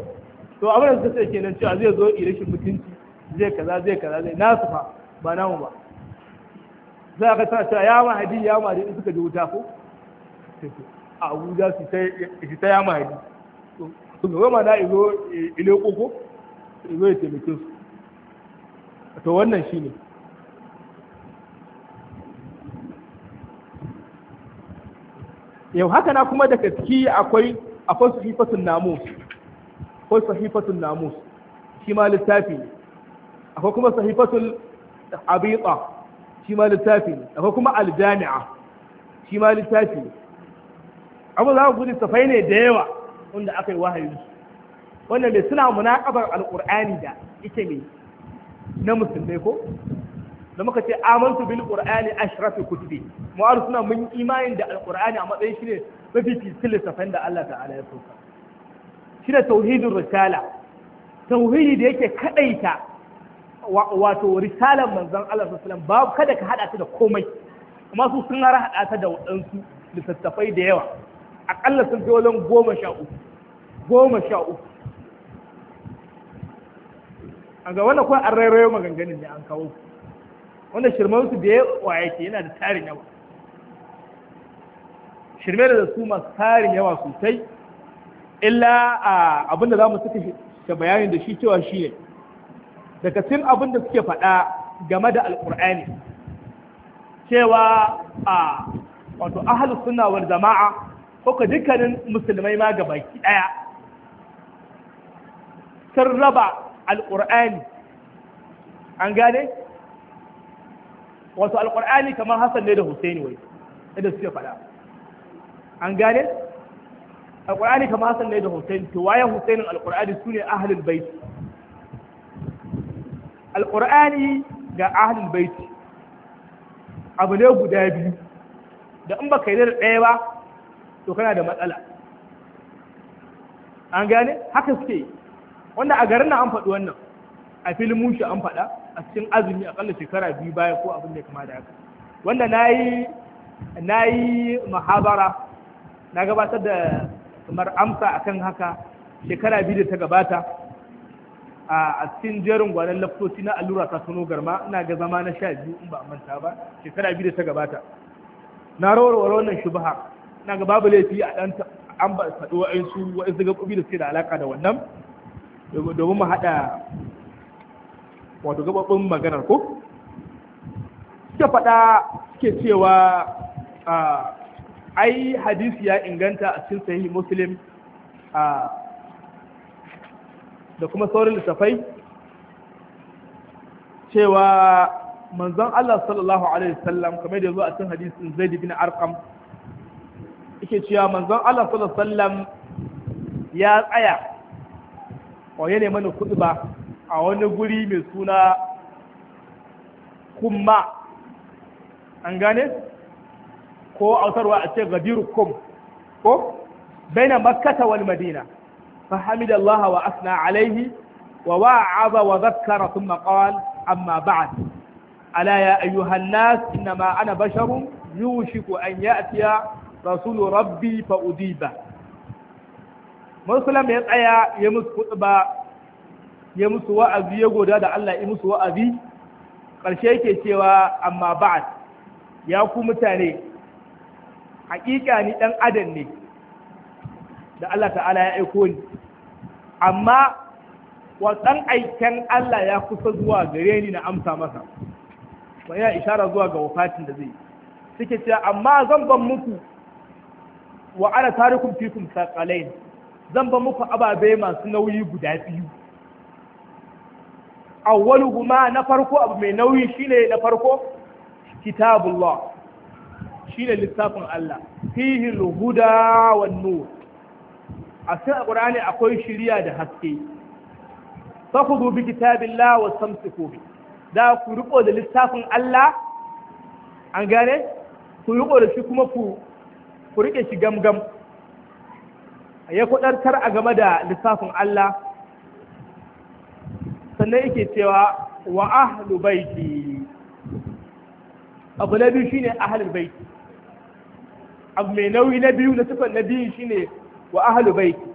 to abin da suka ce kenan cewa zai zo irashin mutunci zai kaza zai kaza zai nasu fa ba namu ba za ka sa cewa ya mahadi ya mahadi in suka ji wuta ko a abuja su ta ya mahadi to ga ma na izo ile koko izo ya taimake su to wannan shine yau haka na kuma da gaske akwai akwai sahifatun namus akwai sahifatun namus shi ma littafi akwai kuma sahifatul abita shi ma littafi akwai kuma aljami'a shi ma littafi abu za ku littafai ne da yawa wanda aka yi wahayi wannan mai suna munakabar alƙur'ani da ita ne na musulmai ko da muka ce amantu bil qur'ani ashrafi kutubi mu alu suna mun imanin da alqur'ani a matsayin shine mafi fitil safan da Allah ta'ala ya soka shine tauhidur risala tauhidi da yake kadaita wato risalan manzon Allah sallallahu alaihi babu kada ka hada ta da komai amma su sun har hada ta da wadansu littattafai da yawa akalla sun fi wajen goma sha uku goma sha uku a ga wannan kawai an rairayo maganganin ne an kawo ku wanda shirmansu da ya waye ce yana da tarin yawa shirme da su masu tarin yawa sosai illa abinda za mu suka bayanin da shi cewa shi ne daga cin abin da suke faɗa game da alƙur'ani cewa a wato ahalus suna wani jama'a ko ka dukkanin musulmai ma ki ɗaya sun raba alƙur'ani an gane wato Alƙur'ani kamar Hassan ne da Husaini wai idan suke faɗa an gane alqur'ani kamar Hassan ne da Husaini to waye Husainin su sune ahlul bait Alƙur'ani ga ahlul bait abu ne guda biyu da in baka yi da ɗaya ba to kana da matsala an gane haka suke wanda a garin na an faɗi wannan a filin mushi an faɗa a cikin azumi akalla shekara biyu baya ko abin da ya kama da haka wanda na yi na yi mahabara na gabatar da kamar amsa kan haka shekara biyu da ta gabata a cikin jerin gwanon laftoci na allura ta suno garma ina ga zama na sha biyu in ba manta ba shekara biyu da ta gabata na rawar wannan shubaha, ina ga babu laifi a ɗan an ba faɗi wa'insu wa'insu gaɓoɓi da suke da alaƙa da wannan domin mu haɗa wato gababin maganar ko suka faɗa suke cewa ai hadisi ya inganta a cikin sahihi muslim da kuma sauran littafai cewa manzon Allah sallallahu alaihi wasallam kamar da zo a cikin hadisin Zaid bin Arqam yake cewa manzon Allah sallallahu alaihi wasallam ya tsaya wa ya nemi kuɗi ba a wani guri mai suna kuma an gane ko ausarwa a ce gabiru kum ko baina makkata wal madina fa hamidallah wa asna alaihi wa wa'aza wa zakkara thumma qala amma ba'd ala ya ayyuhan nas inma ana basharun yushiku an ya'tiya rasulu rabbi fa udiba muslim ya tsaya ya musu kutuba ya musu wa'azi ya goda da Allah ya musu wa'azi ƙarshe yake cewa amma ba'ad ya ku mutane hakika ni ɗan adam ne da Allah ta'ala ya aiko ni amma watsan aiken Allah ya kusa zuwa gare ni na amsa masa ba ya ishara zuwa ga wafatin da zai suke cewa amma zan ban muku wa ana tarikum fikum zan ban muku ababe masu nauyi guda biyu awwaluhuma na farko abu mai nauyi shine na farko kitabullah shine littafin Allah fihi al-huda wan nur a cikin alqur'ani akwai shiriya da haske fakhudhu bi kitabillah wa samsiku bi da ku riko da littafin Allah an gane ku riko da shi kuma ku ku rike shi gamgam ya kudartar a game da littafin Allah sannan yake cewa wa ahlu baiti abu na biyu shine ahlul baiti abu mai nauyi na biyu na sifan na biyu shine wa ahlu baiti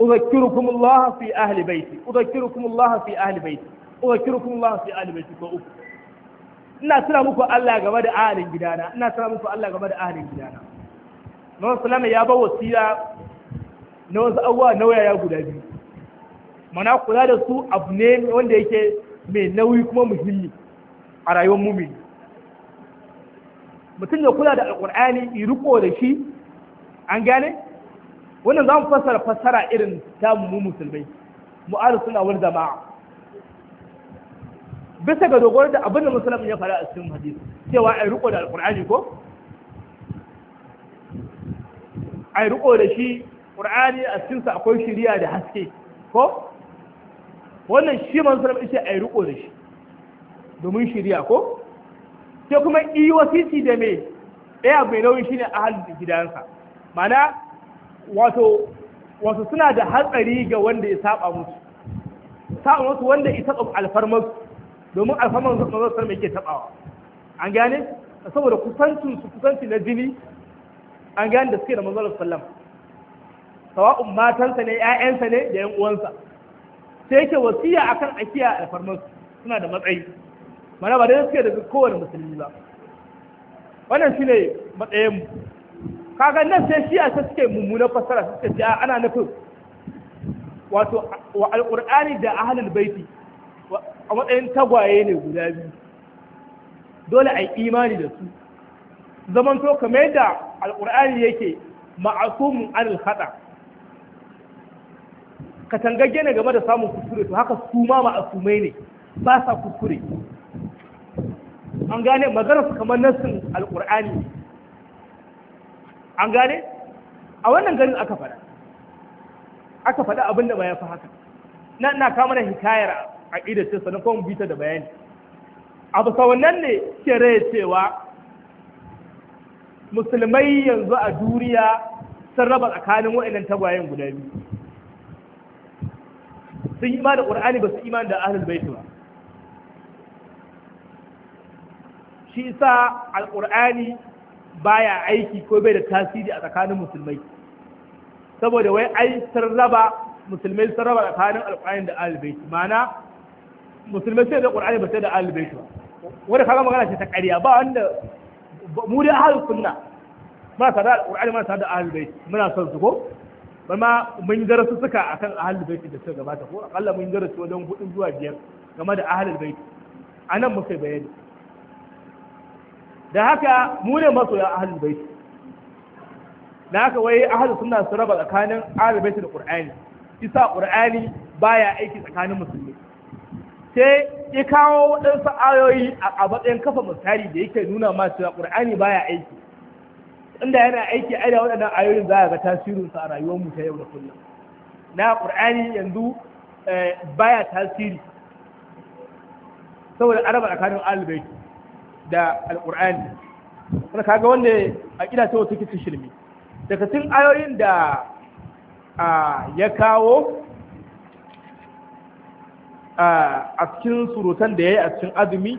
udhakkirukum Allah fi ahli baiti udhakkirukum Allah fi ahli baiti udhakkirukum Allah fi ahli baiti ko uku ina tuna muku Allah game da ahalin gidana ina tuna muku Allah game da ahalin gidana Nabi sallallahu ya ba wasiya na wasu abubuwa nauya ya guda biyu mana kula da su abu ne wanda yake mai nauyi kuma muhimmi a rayuwar mumini mutum ya kula da alƙur'ani i riko da shi an gane wannan za mu fassara fassara irin tamu mu musulmai ala suna wani jama'a bisa ga dogon da abinda musulmi ya fara a cikin hadisi cewa ai riko da alƙur'ani ko ai riko da shi ƙur'ani a cikinsa akwai shiriya da haske ko wannan shi man salama ishe a yi riko da shi domin shirya ko sai kuma yi e wasisi da mai ɗaya mai nauyi shine a halin gidansa mana wato wasu suna da hatsari ga wanda ya saba musu saba musu wanda ya saba alfarmar domin alfarmar manzon salama yake taɓawa an gane saboda kusancin su kusanci na jini an gane da suke da manzon sallam sawa'un matansa ne 'ya'yansa ne da 'yan uwansa sai yake wasiya akan akiya a farmar suna da matsayi mana ba dai suke da kowane musulmi ba wannan shine matsayin mu kaga nan sai shi a suke mummunan fassara suke ta ana nufin wato wa alqur'ani da ahlul baiti a matsayin tagwaye ne guda biyu dole a yi imani da su zamanto kamar yadda alqur'ani yake ma'asumun anil khata' katangagge ne game da samun kuskure to haka su ma ma'asumai ne ba sa kuskure an gane magana su kamar nassin alkur'ani an gane a wannan ganin aka faɗa aka faɗa abin da ba ya fi haka na ina kama da hikayar a idace sannan kuma bita da bayani Abu bisa ne ke raya cewa musulmai yanzu a duniya sun raba tsakanin wa'annan tagwayen guda biyu sun yi imani da qur'ani ba su imani da ahlul bait ba shi sa alqur'ani baya aiki ko bai da tasiri a tsakanin musulmai saboda wai ai sun raba musulmai sun raba tsakanin alqur'ani da ahlul bait ma'ana musulmai sai da ƙur'ani ba sai da ahlul bait ba wanda kaga magana ce ta ƙarya ba wanda mu da ahlul sunna muna da alqur'ani muna da ahlul bait muna son su ko bama mun darasu suka kan ahlul baiti da suka gabata ko akalla mun darasu wajen hudu zuwa biyar game da ahlul baiti nan muka bayani da haka mu ne masoya ahlul baiti da haka wai ahal suna su raba tsakanin ahlul baiti da qur'ani isa qur'ani baya aiki tsakanin musulmi sai ya kawo waɗansu ayoyi a matsayin kafa misali da yake nuna ma cewa qur'ani baya aiki inda yana aiki aida da waɗannan ayoyin za a ga tasirin sa a rayuwar mu ta yau da kullum na qur'ani yanzu eh, baya tasiri saboda araba tsakanin albayt da alqur'ani kuma kaga wanda akida ta wata kici shirme daga cikin ayoyin da ya kawo a cikin surutan da ya yi a cikin azumi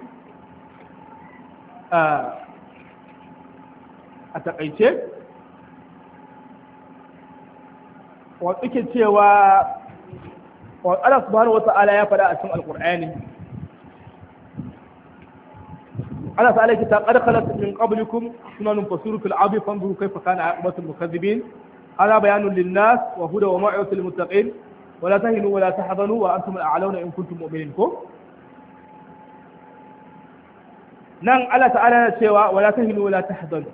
a takaice wa suke cewa wa subhanahu wa ta'ala ya faɗa a cikin Alƙur'ani. Ana ta'ala yake ta qad khalat min qablikum sunanun fasuru fil abi fanzuru kayfa kana bayanun wa huda wa mau'izatul wa la tahinu wa la tahzanu wa antum alauna in kuntum mu'minin ko nan Allah ta'ala ya cewa wa la tahinu wa la tahzanu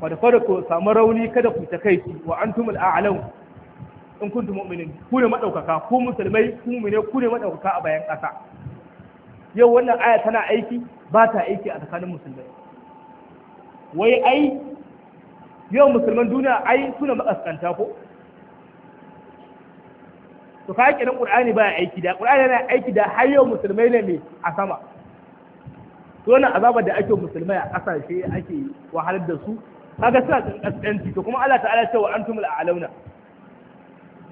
wadda kada ku samu rauni kada ku ta kai wa an tumu al'alau in kuntu mu'minin ku ne maɗaukaka ku musulmai ku mu'mine ku ne maɗaukaka a bayan ƙasa yau wannan aya tana aiki ba ta aiki a tsakanin musulmai wai ai yau musulman duniya ai suna makaskanta ko to ka yake nan qur'ani ba aiki da qur'ani yana aiki da har yau musulmai ne mai a sama to wannan azabar da ake musulmai a ƙasashe ake wahalar da su kaga suna cikin kaskanci to kuma Allah ta'ala cewa antumul a'launa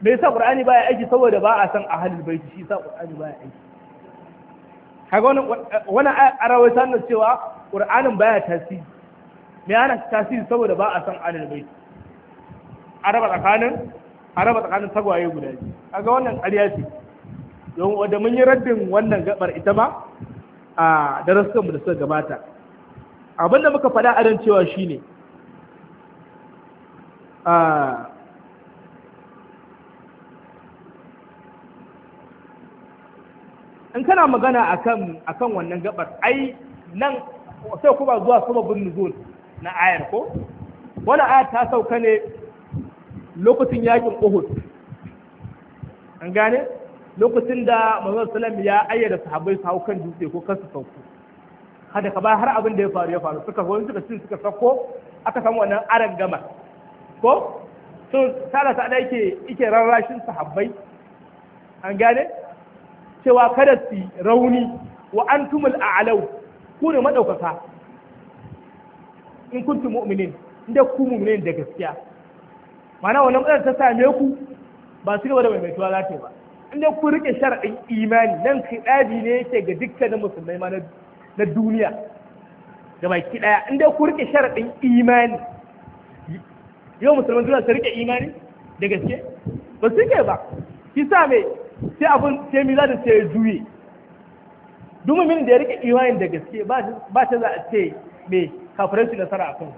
me yasa qur'ani baya aiki saboda ba a san ahlul baiti shi yasa qur'ani baya aiki kaga wannan wannan arawai sanin cewa qur'anin baya tasiri me yana tasiri saboda ba a san ahlul baiti araba tsakanin araba tsakanin tagwaye guda biyu kaga wannan ƙarya ce don wanda mun yi raddin wannan gabar ita ma a mu da suka gabata abinda muka faɗa a cewa shine Ah. in kana magana akan akan wannan gabar ai nan sai kuma zuwa sababin nuzul na ayar ko wannan ayar ta sauka ne lokacin yakin Uhud an gane lokacin da manzon Salam ya ayyada sahabbai su hau kan dutse ko kan su sauko hada ka ba har abin da ya faru ya faru suka zo suka cin suka sauko aka samu wannan aran gama ko to tala ta da yake yake rarrashin sahabbai an gane cewa kada su rauni wa antumul a'lau ku ne madaukaka in kuntum mu'minin inda ku mu'minin da gaskiya mana wannan matsalar ta same ku ba su gaba da maimaituwa za ta ba inda ku rike shar'in imani nan kidabi ne yake ga dukkanin musulmai ma na duniya gaba baki daya inda ku rike shar'in imani yau musulman duniya su rike imani da gaske ba su rike ba shi sa mai sai abin sai mi za ta sai juye duk mumin da ya rike imani da gaske ba ta za a ce mai kafirai su nasara a kan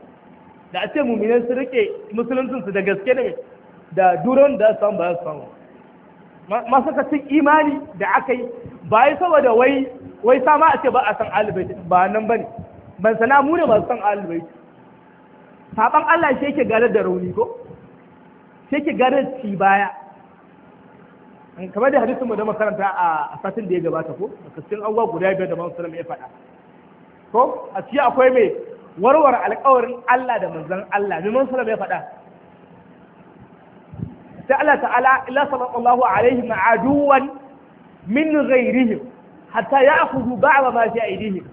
da a ce muminan su rike musuluncin su da gaske ne da duron da su ba su samu masu kasin imani da aka yi ba yi saboda wai wai sama a ce ba a san alibai ba nan ba ne ban sana mu ne ba su san alibai saban Allah shi yake gare da rauni ko shi yake gare ci baya kamar da hadisin mu da makaranta a satin da ya gabata ko cikin abubuwa guda biyar da manzon ya faɗa ko a ciki akwai mai warware alƙawarin Allah da manzon Allah mai manzon ya faɗa sai Allah ta'ala illa sallallahu alaihi ma'aduwan min ghairihim hatta ya'khudhu ba'd ma fi aydihim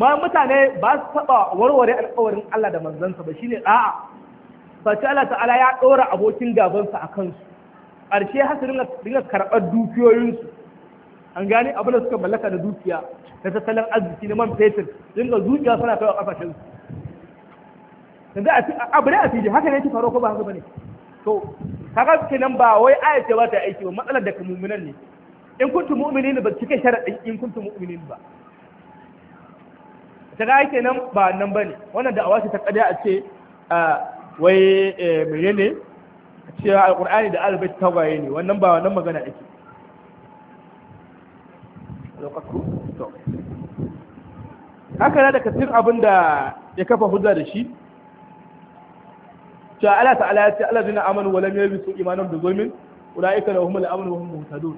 ma mutane ba su taba warware alkawarin Allah da manzansa ba shine a'a face Allah ta'ala ya dora abokin gabansa a kansu ƙarshe har su dinga karɓar dukiyoyinsu an gane abin da suka mallaka da dukiya na tattalin arziki na man fetur dinga zuciya suna kai wa ƙasashen su yanzu abu ne a fiji haka ne ki faru ko ba haka bane to kaga kenan ba wai aya ba ta aiki ba matsalar da ka mu'minan ne in kuntum mu'minin ba kike sharadin in kuntum mu'minin ba kaga yake nan ba nan ne. wannan da ce ta kada a ce wai e, A cewa Alƙur'ani da ta tagwaye ne wannan ba wannan magana ake lokacin to haka na daga cikin abin da ya kafa hujja da shi cewa Allah ta'ala ya ce Allah zina amanu walam yalbisu imanan da zulmin ulaika lahum al-amn wa hum muhtadun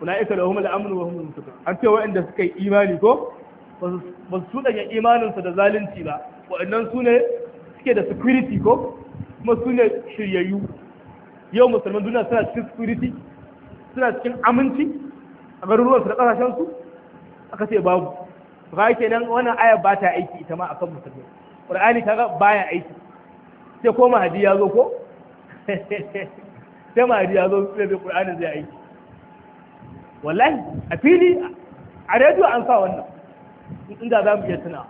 ulaika lahum al-amn wa hum muhtadun an ce wa'anda suka yi imani ko ba su tudanya imaninsu da zalunci ba waɗannan su ne suke da security ko kuma su ne shiryayyu yau musulman duniya suna cikin security suna cikin aminci a garuruwansu da ƙasashensu aka ce babu ba nan wannan ayar ba ta aiki ita ma akan musulmi ƙur'ani kaga baya aiki sai ko mahadi ya zo ko sai mahadi ya zo sai bai ƙur'ani zai aiki wallahi a fili a rediyo an sa wannan inda za mu iya tuna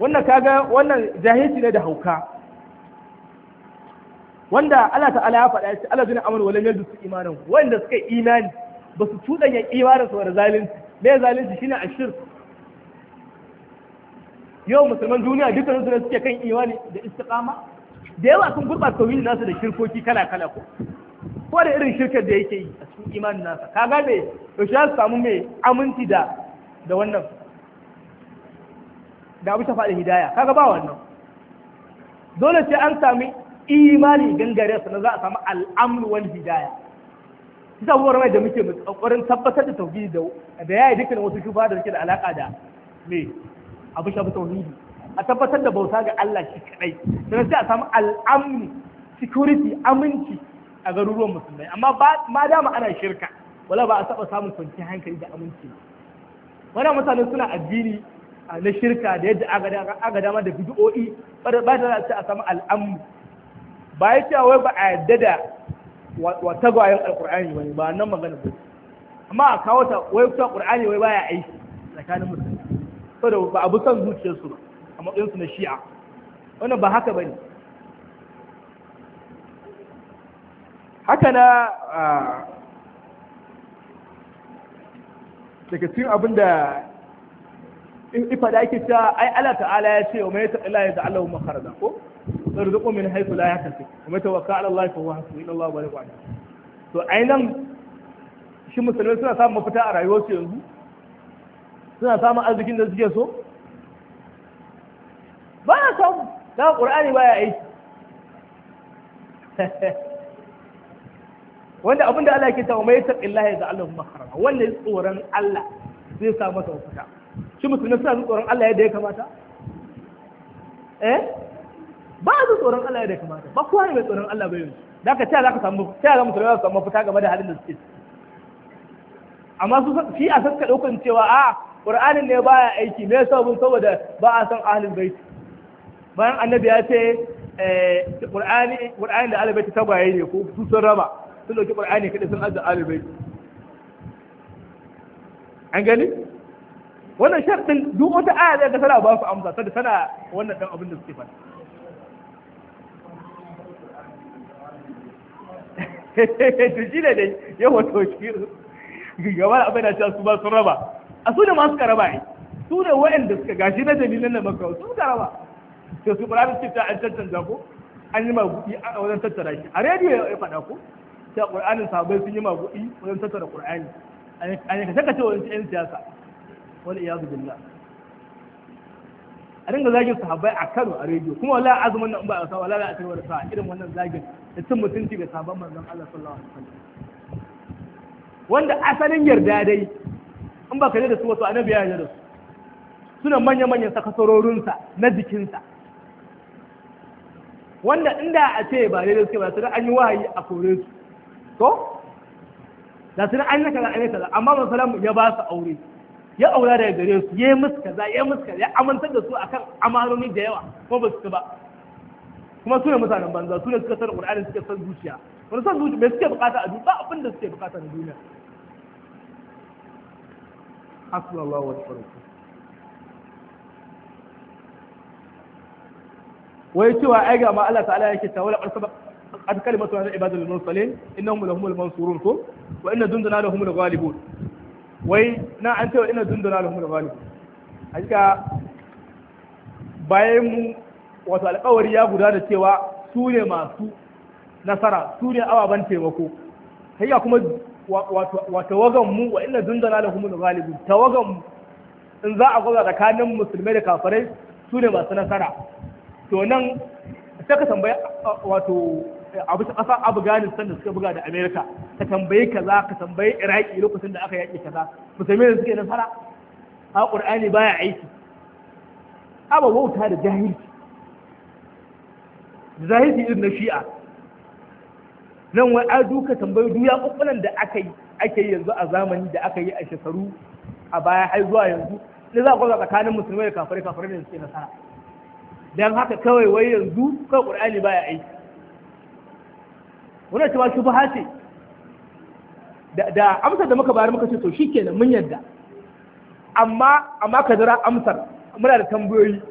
wannan kaga wannan jahilci ne da hauka wanda Allah ta'ala ya faɗa shi Allah zai amana walam yadda su imanin wanda suka imani ba su tudanya imanin su da zalunci me zalunci shine ashir yau musulman duniya dukkan su ne suke kan imani da istiqama da yawa sun gurɓata tawil nasu da shirkoki kala kala ko ko da irin shirkar da yake yi a cikin imanin nasa kaga me to shi samu mai aminci da da wannan da abu shafa da hidaya kaga ba wannan dole sai an sami imani gangare su na za a samu al'amru wal hidaya Su sabu mai da muke kokarin tabbatar da tauhidi da da yayi dukkan wasu shufa da suke da alaka da me abu shafa tauhidi a tabbatar da bauta ga Allah shi kadai sannan sai a samu al'amru security aminci a garuruwan musulmai amma ba ma dama ana shirka wala ba a saba samun kwanciyar hankali da aminci ba wani mutane suna addini na shirka da yadda aka dama da bid'o'i ba da za a samu al'amu ba ya ce wai ba a yadda da wata tagwayen alkur'ani wani ba nan magana ba amma a kawo ta wai ta alkur'ani wai baya aiki tsakanin mutane saboda ba abu son zuciyarsu ba a matsayinsu na shi'a wannan ba haka ne. haka na daga cikin abin da ifa da ake ta ai Allah ta'ala ya ce wa mai ta'ala ya ta'ala wa ko ko sarzuqu min haythu la yahtasib wa tawakka ala Allah fa huwa hasbi Allah wa ni'mal wa'd to ai nan shi musulmai suna samun mafita a rayuwarsu yanzu suna samun arzikin da suke so ba ya samu da Qur'ani ba ya aiki wanda abin da Allah yake cewa mai taqillahi da Allah makhraja wanda ya tsoron Allah zai sa masa mafita shi musulmi suna jin tsoron Allah yadda ya kamata eh ba su tsoron Allah yadda ya kamata ba kowa ne mai tsoron Allah bai yanzu da ka taya zaka samu taya za musulmi su samu mafita game da halin da suke amma su shi a saka daukan cewa a ah, Qur'anin ne baya aiki me yasa mun saboda ba a san ahlul bait bayan annabi ya ce eh, Qur'ani Qur'ani da ahlul bait tagwaye ne ko su sun raba sun dauki qur'ani kada sun azza alibai an gani wannan shartin duk wata aya zai ga ba su amsa ta tana wannan dan abin da suke faɗa to shi ne dai yawa to shi gaba da abin da ta su ba sun raba a su ne masu karaba ne? su da wa'anda suka gashi na dalilan da maka su suka raba to su qur'ani suke ta an tantance ko an yi ma a wajen tattara shi a rediyo ya faɗa ko cewa ƙur'anin sabai sun yi maguɗi wajen tattara ƙur'ani a ne ka saka cewa yanzu 'yan siyasa wani iyazu billah a dinga zagin sahabbai a Kano a rediyo kuma wala azumin nan ba a sa wala a tarwar sa irin wannan zagin da cin mutunci ga sahabban manzon Allah sallallahu alaihi wasallam wanda asalin yarda dai in ba ka da su wato annabi ya yarda da su suna manya manyan sakasarorinsa na jikinsa wanda inda a ce ba daidai suke ba sai an yi wahayi a kore su ko da sun an na kaza a kaza amma ba Salam ya ba su aure ya aura daga gare su ya yi musu kaza ya musu kaza ya amintar da su akan amaroni da yawa ko ba su ba kuma su ne mutanen banza su ne suka san qur'ani suka san zuciya wani san zuciya me suke bukata a duniya ba abin da suke bukata na duniya hasbunallahu wa ni'mal wai cewa ai ga ma Allah ta'ala yake tawala qarsaba قد كلمة عن عباد المرسلين إنهم لهم المنصورون كم وإن جندنا لهم الغالبون وي نا أنت وإن جندنا لهم الغالبون أجيكا بايمو wato alkawari ya guda da cewa su ne masu nasara su ne ababen taimako sai ya kuma wa tawagan mu wa inna dundana lahum al-ghalibun tawagan mu in za a gwada tsakanin musulmai da kafarai su ne masu nasara to nan sai ka tambaya wato a bisa ƙasa afghanistan da suka buga da america ka tambayi kaza ka tambayi iraki lokacin da aka yaƙi kaza musulmi da suke da fara a ƙur'ani baya aiki aba wauta da jahilci zahiri irin na shi'a nan wai a duka tambayi duya ƙuƙunan da aka yi ake yanzu a zamani da aka yi a shekaru a baya har zuwa yanzu ne za a kwaza tsakanin musulmai da kafirai kafirai da suke nasara don haka kawai wai yanzu kawai ƙur'ani baya aiki muna cewa shubha ce da amsar da muka bayar muka ce to shi shikenan mun yadda amma amma ka zira amsar muna da tambayoyi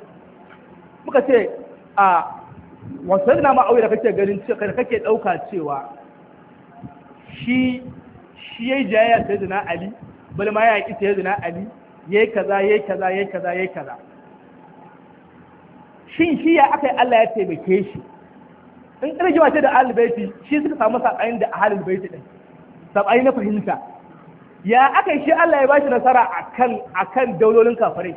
muka ce a wasu na ma'auya da kake ganin da kake ɗauka cewa shi shi yi jayayya sai zina ali bali ma ya yi sai zina ali yi kaza ya yi kaza ya yi kaza ya yi kaza shin shi ya aka yi Allah ya taimake shi in kirgewa ce da ahlul baiti shi suka samu sabayin da ahlul baiti ɗin sabayi na fahimta ya aka shi Allah ya bashi nasara akan akan daulolin kafirai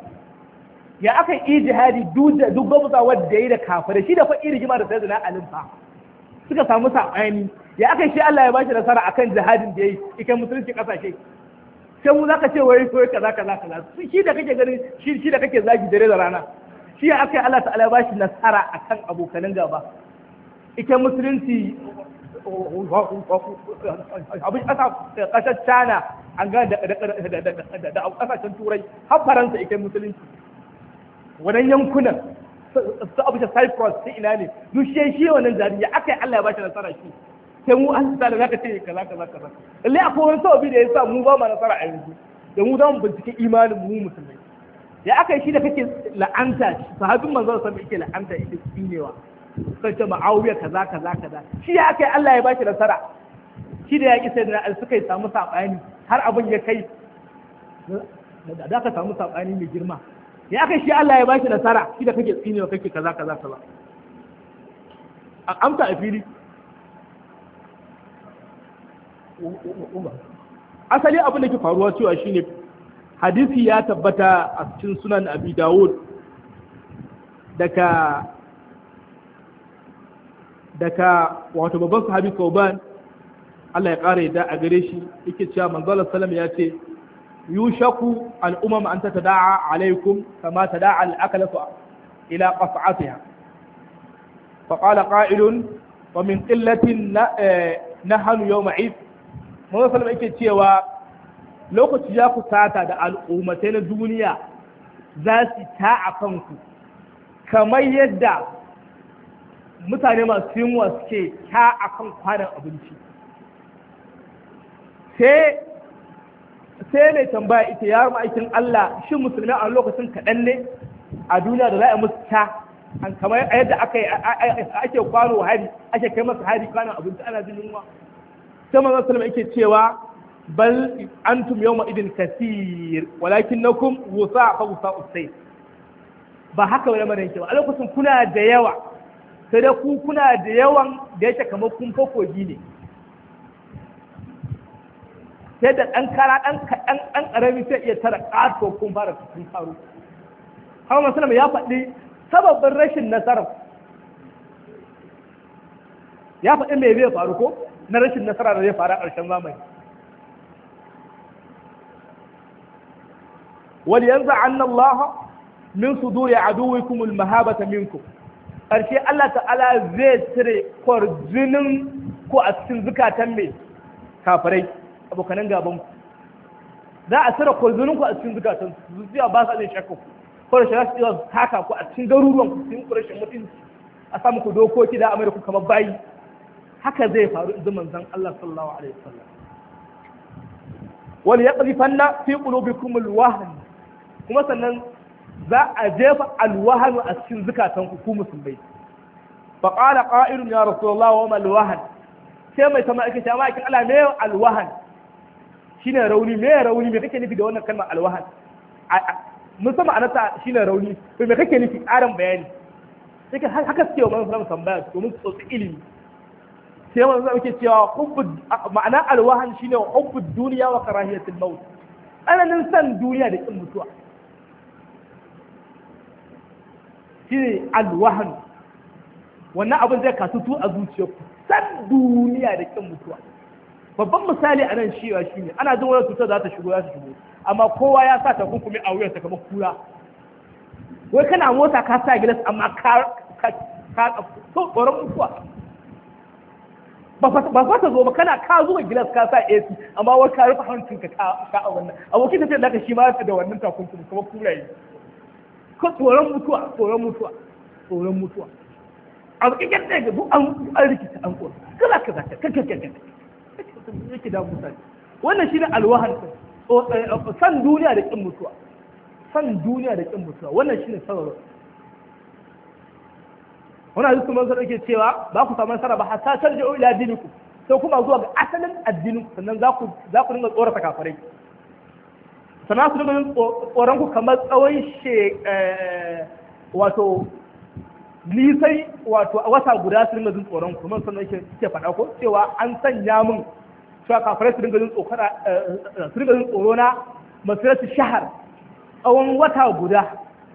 ya aka yi jihadi duk musa wadda yi da kafirai shi da fa iri jima da sayyidina alim fa suka samu saɓani ya aka shi Allah ya bashi nasara akan jihadin da ya yi, ikan musulunci kasashe sai mu ka ce wai koyi kaza kaza kaza shi da kake ganin shi da kake zagi dare da rana shi ya aka Allah ta'ala ya bashi nasara akan abokanin gaba ita musulunci abin ƙasar china an gane da ƙasashen turai har faransa ita musulunci wannan yankunan su abu cyprus su ina ne dushe shi wannan jariya aka yi allah ya bashi nasara shi sai mu an sa da zaka ce kaza kaza kaza lalle akwai wani sababi da ya sa mu ba mu nasara a yanzu da mu za mu bincike imanin mu musulmai ya aka yi shi da kake la'anta sahabin manzon sallallahu alaihi wasallam yake la'anta ita tsinewa sai ce ma'awiya kaza kaza kaza shi ya kai Allah ya ba shi nasara shi da ya ƙi sai da suka suka samu saɓani har abin ya kai da ka samu saɓani mai girma ya kai shi Allah ya ba shi nasara shi da kake wa kake kaza kaza kaza a amsa a fili asali abin da ke faruwa cewa shine hadisi ya tabbata a cikin sunan abi dawud daga daga wato babban sahabi Kauban Allah ya ƙara yadda a gare shi yake cewa manzalar salam ya ce yushaku al'umma an ta tada'a alaikum kama tada'a al'akalatu ila qas'atiha fa qala qa'ilun wa min qillatin eh, nahanu yawma id manzalar salam yake cewa lokaci ya kusata da al'ummatai na duniya za su ta a kanku kamar yadda mutane masu yunwa suke ta kan kwanan abinci sai sai mai tambaya ita ya aikin Allah shi musulmi a lokacin kaɗan ne a duniya da za a musu ta an kamar yadda ake kwano hari ake kai masa hari kwanan abinci ana jin yunwa sai manzon salama yake cewa bal antum yawma idin na walakinnakum wusa fa wusa usay ba haka wani mara yake ba a lokacin kuna da yawa sai dai ku kuna da yawan da yake kamar kun kogi ne sai da ɗan kara ɗan kaɗan ɗan ƙarami sai iya tara ƙato kun fara kun faru amma musulun ya faɗi sababin rashin nasarar ya faɗi mai zai faru ko na rashin nasara da zai faru a ƙarshen zamani wal yanzu anna su min suduri aduwikum al mahabata minkum ƙarshe Allah ta'ala zai cire kwarjinin ko a cikin zukatan mai kafirai abokanan gaban ku za a cire kwarjinin ku a cikin zukatan zuciya ba sa zai shakka ku ko da shara su haka ku a cikin garuruwan ku cikin ƙurashin mutunci a samu ku dokoki da amurka kamar bayi haka zai faru idan manzon Allah sallallahu alaihi wasallam wal yaqdhifanna fi qulubikum alwahn kuma sannan za a jefa alwahanu a cikin zukatan ku musulmai fa qala qa'ilun ya rasulullah wa ma alwahan sai mai sama ake cewa kin Allah me alwahan shine rauni me rauni me kake nufi da wannan kalmar alwahan mun sama anata shine rauni to me kake nufi ƙarin bayani sai haka suke wa manzon sallallahu tambaya domin su tsotsi ilimi sai manzon sallallahu yake cewa hubbu ma'ana alwahan shine hubbu duniya wa karahiyatul maut ananin san duniya da kin mutuwa shine alwahan wannan abin zai tu a zuciyarku san duniya da kin mutuwa babban misali a nan shiwa shine ana jin wani cutar za ta shigo za ta shigo amma kowa ya sa ta takunkumi a wuyarsa kamar kura wai kana mota ka sa gilas amma ka ka ka tsoron mutuwa ba fa ta zo ba kana ka zuwa gilas ka sa AC amma wai ka rufe hancinka ka ka a wannan abokin tafiyar da ka shi ma da wannan takunkumi kamar kura yi ko tsoron mutuwa tsoron mutuwa tsoron mutuwa a bakin yadda ga an an rikita an kora kala ka ta kaka kaka yake da mutane wannan shine alwahan eh, eh, san duniya da kin mutuwa san duniya da kin mutuwa wannan shine sababin wani hadisi man sa dake cewa ba ku samu nasara ba hatta tarji'u ila dinikum sai kuma zuwa ga asalin addinin sannan za ku za ku dinga tsorata kafirai sana su dogon tsoron ku kamar tsawon she eh, wato nisai wato a wata guda su dinga jin tsoron ku kuma sannan ke faɗa ko cewa an sanya min cewa kafirai su dinga jin tsokara eh, su dinga jin tsoro na masiratu shahar tsawon wata guda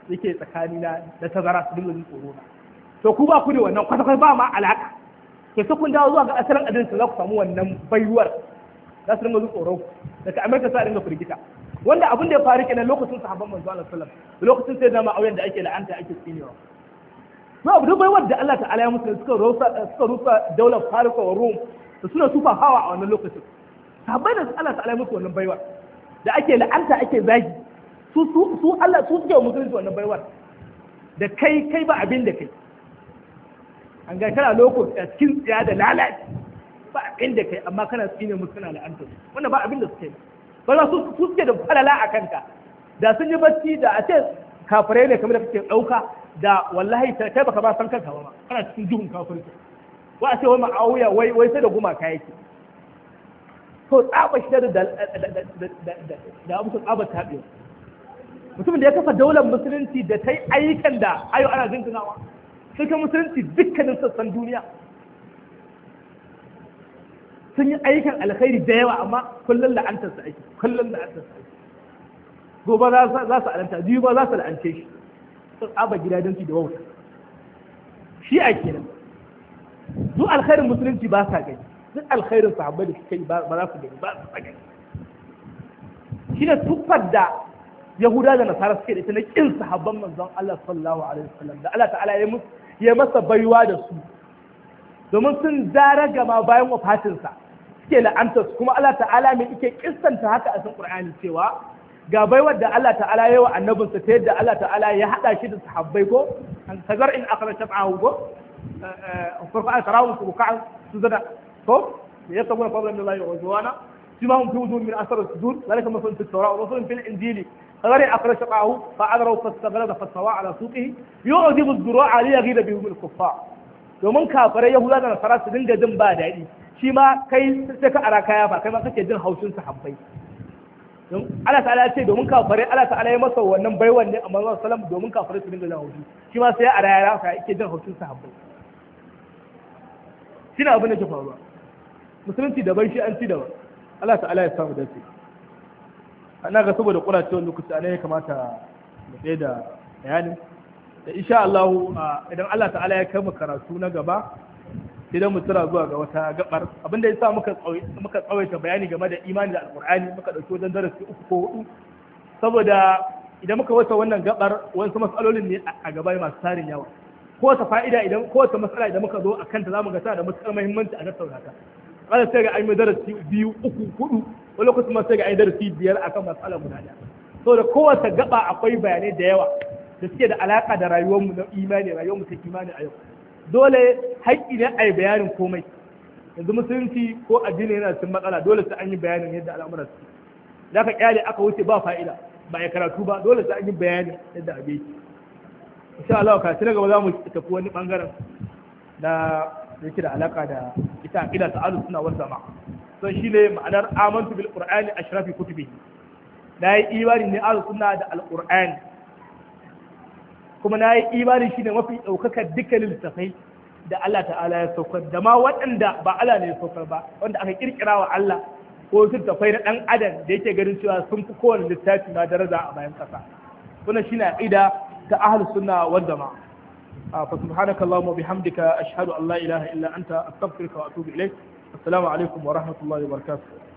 yake tsakani na da tazara su dinga jin tsoro na to ku ba ku da wannan kwata ba ma alaka to sai kun dawo zuwa ga asalin adinsu za ku samu wannan baiwar za su dinga jin tsoro daga amurka sa dinga firgita wanda abin da ya faru kenan lokacin sahabban manzo Allah sallallahu alaihi lokacin sai zama auren da ake la'anta ake tsinewa to abu dubai wanda Allah ta'ala ya musu suka rusa suka rusa daular Farisa wa Rum da suna tufa hawa a wannan lokacin sahabbai da Allah ta'ala ya musu wannan baiwa da ake la'anta ake zagi su su su Allah su suke musulunci wannan baiwar da kai kai ba abin da kai an ga kana lokacin eh, cikin tsaya da lalaci ba abin da kai amma kana tsine musu kana la'anta wannan ba abin da suke yi ba su suke da falala a kanka da sun yi bacci da a ce kafirai ne kamar da kake ɗauka da wallahi kai baka ba san kanka ba kana cikin duhun kafirci wa a ce wai ma'auya wai wai sai da gumaka yake to tsaba shi da da da abu tsaba tabiwa mutumin da ya kafa daular musulunci da ta yi ayyukan da ayo ana zinkinawa sai ka musulunci dukkanin sassan duniya sun yi aikin alkhairi da yawa amma kullum la'antar su aiki kullum la'antar su aiki gobe za su alanta biyu ba za su la'ance shi sun aba gidajensu da wauta shi a kenan duk alkhairin musulunci ba sa gani duk alkhairin sahabbai da suka yi ba za su gani ba su gani shi ne tuffar da yahuda da nasara suke da ita na kin sahabban manzon Allah sallallahu alaihi wasallam da Allah ta'ala ya masa baiwa da su domin sun dara gama bayan wafatinsa suke la'anta su kuma Allah ta'ala mai ike kissanta haka a cikin Qur'ani cewa ga baiwar da Allah ta'ala yayi wa annabinsa ta yadda Allah ta'ala ya hada shi da sahabbai ko an sagar in akhra tab'ahu ko farfa tarawu ruka'a sujada ko ya tabuna fadlan min Allah wa zuwana فيما هم في وجوه من اثر السجود ذلك مثل في التوراه ومثل في الانجيل فغير اقل شقعه فعذره فاستغلظ فاستوى على سوقه يعذب الذراع ليغيظ بهم الكفار domin kafirai yahuda da nasara su dinga jin ba daɗi shi ma kai sai ka ara kaya ba kai ma kake jin haushin sahabbai don Allah ta'ala ya ce domin kafare Allah ta'ala ya masa wannan baiwan ne amma Allah sallam domin kafare su dinga jin haushi shi ma sai ya ara ya ka yake jin haushin sahabbai shi na abin da ke faruwa musulunci daban shi an ci daban Allah ta'ala ya samu dace ana ga saboda kuracewar lokaci a ya kamata mu tsaye da bayanin da insha Allah idan Allah ta'ala ya mu karatu na gaba Idan dan mu tura zuwa ga wata gabar abinda ya sa muka tsawaita bayani game da imani da alqur'ani muka dauki wajen darasi uku ko hudu saboda idan muka wata wannan gabar wasu matsalolin ne a gaba masu tarin yawa kowace fa'ida idan kowace matsala idan muka zo a kanta za mu ga tana da matuƙar muhimmanci a tattauna ta kada sai ga an darasi biyu uku hudu wani lokacin ma sai ga an darasi biyar akan matsala guda ɗaya saboda kowace gaba akwai bayanai da yawa da suke da alaƙa da rayuwarmu na imani rayuwarmu ta imani a yau dole haƙƙi ne a yi bayanin komai yanzu musulunci ko addini yana cikin matsala dole sai an yi bayanin yadda al'amuran su za ka kyale aka wuce ba fa'ida ba ya karatu ba dole sai an yi bayanin yadda abe yake insha Allah ka tuna gaba za mu tafi wani bangaren na yake da alaka da ita aqida ta alu sunna wal jamaa son shine ma'anar amantu bil qur'ani ashrafi kutubi na yi imani ne alu sunna da al qur'ani kuma na yi imani shi ne mafi ɗaukakar dukkan littattafai da Allah ta'ala ya saukar da ma waɗanda ba Allah ne ya saukar ba wanda aka ƙirƙira wa Allah ko littattafai na ɗan adam da yake ganin cewa sun fi kowane littafi ma daraja a bayan ƙasa shi na ƙida ta ahlus sunna wal jamaa ah, fa subhanaka allahumma bihamdika ashhadu an la ilaha illa anta astaghfiruka wa atubu ilayk assalamu alaikum wa rahmatullahi wa barakatuh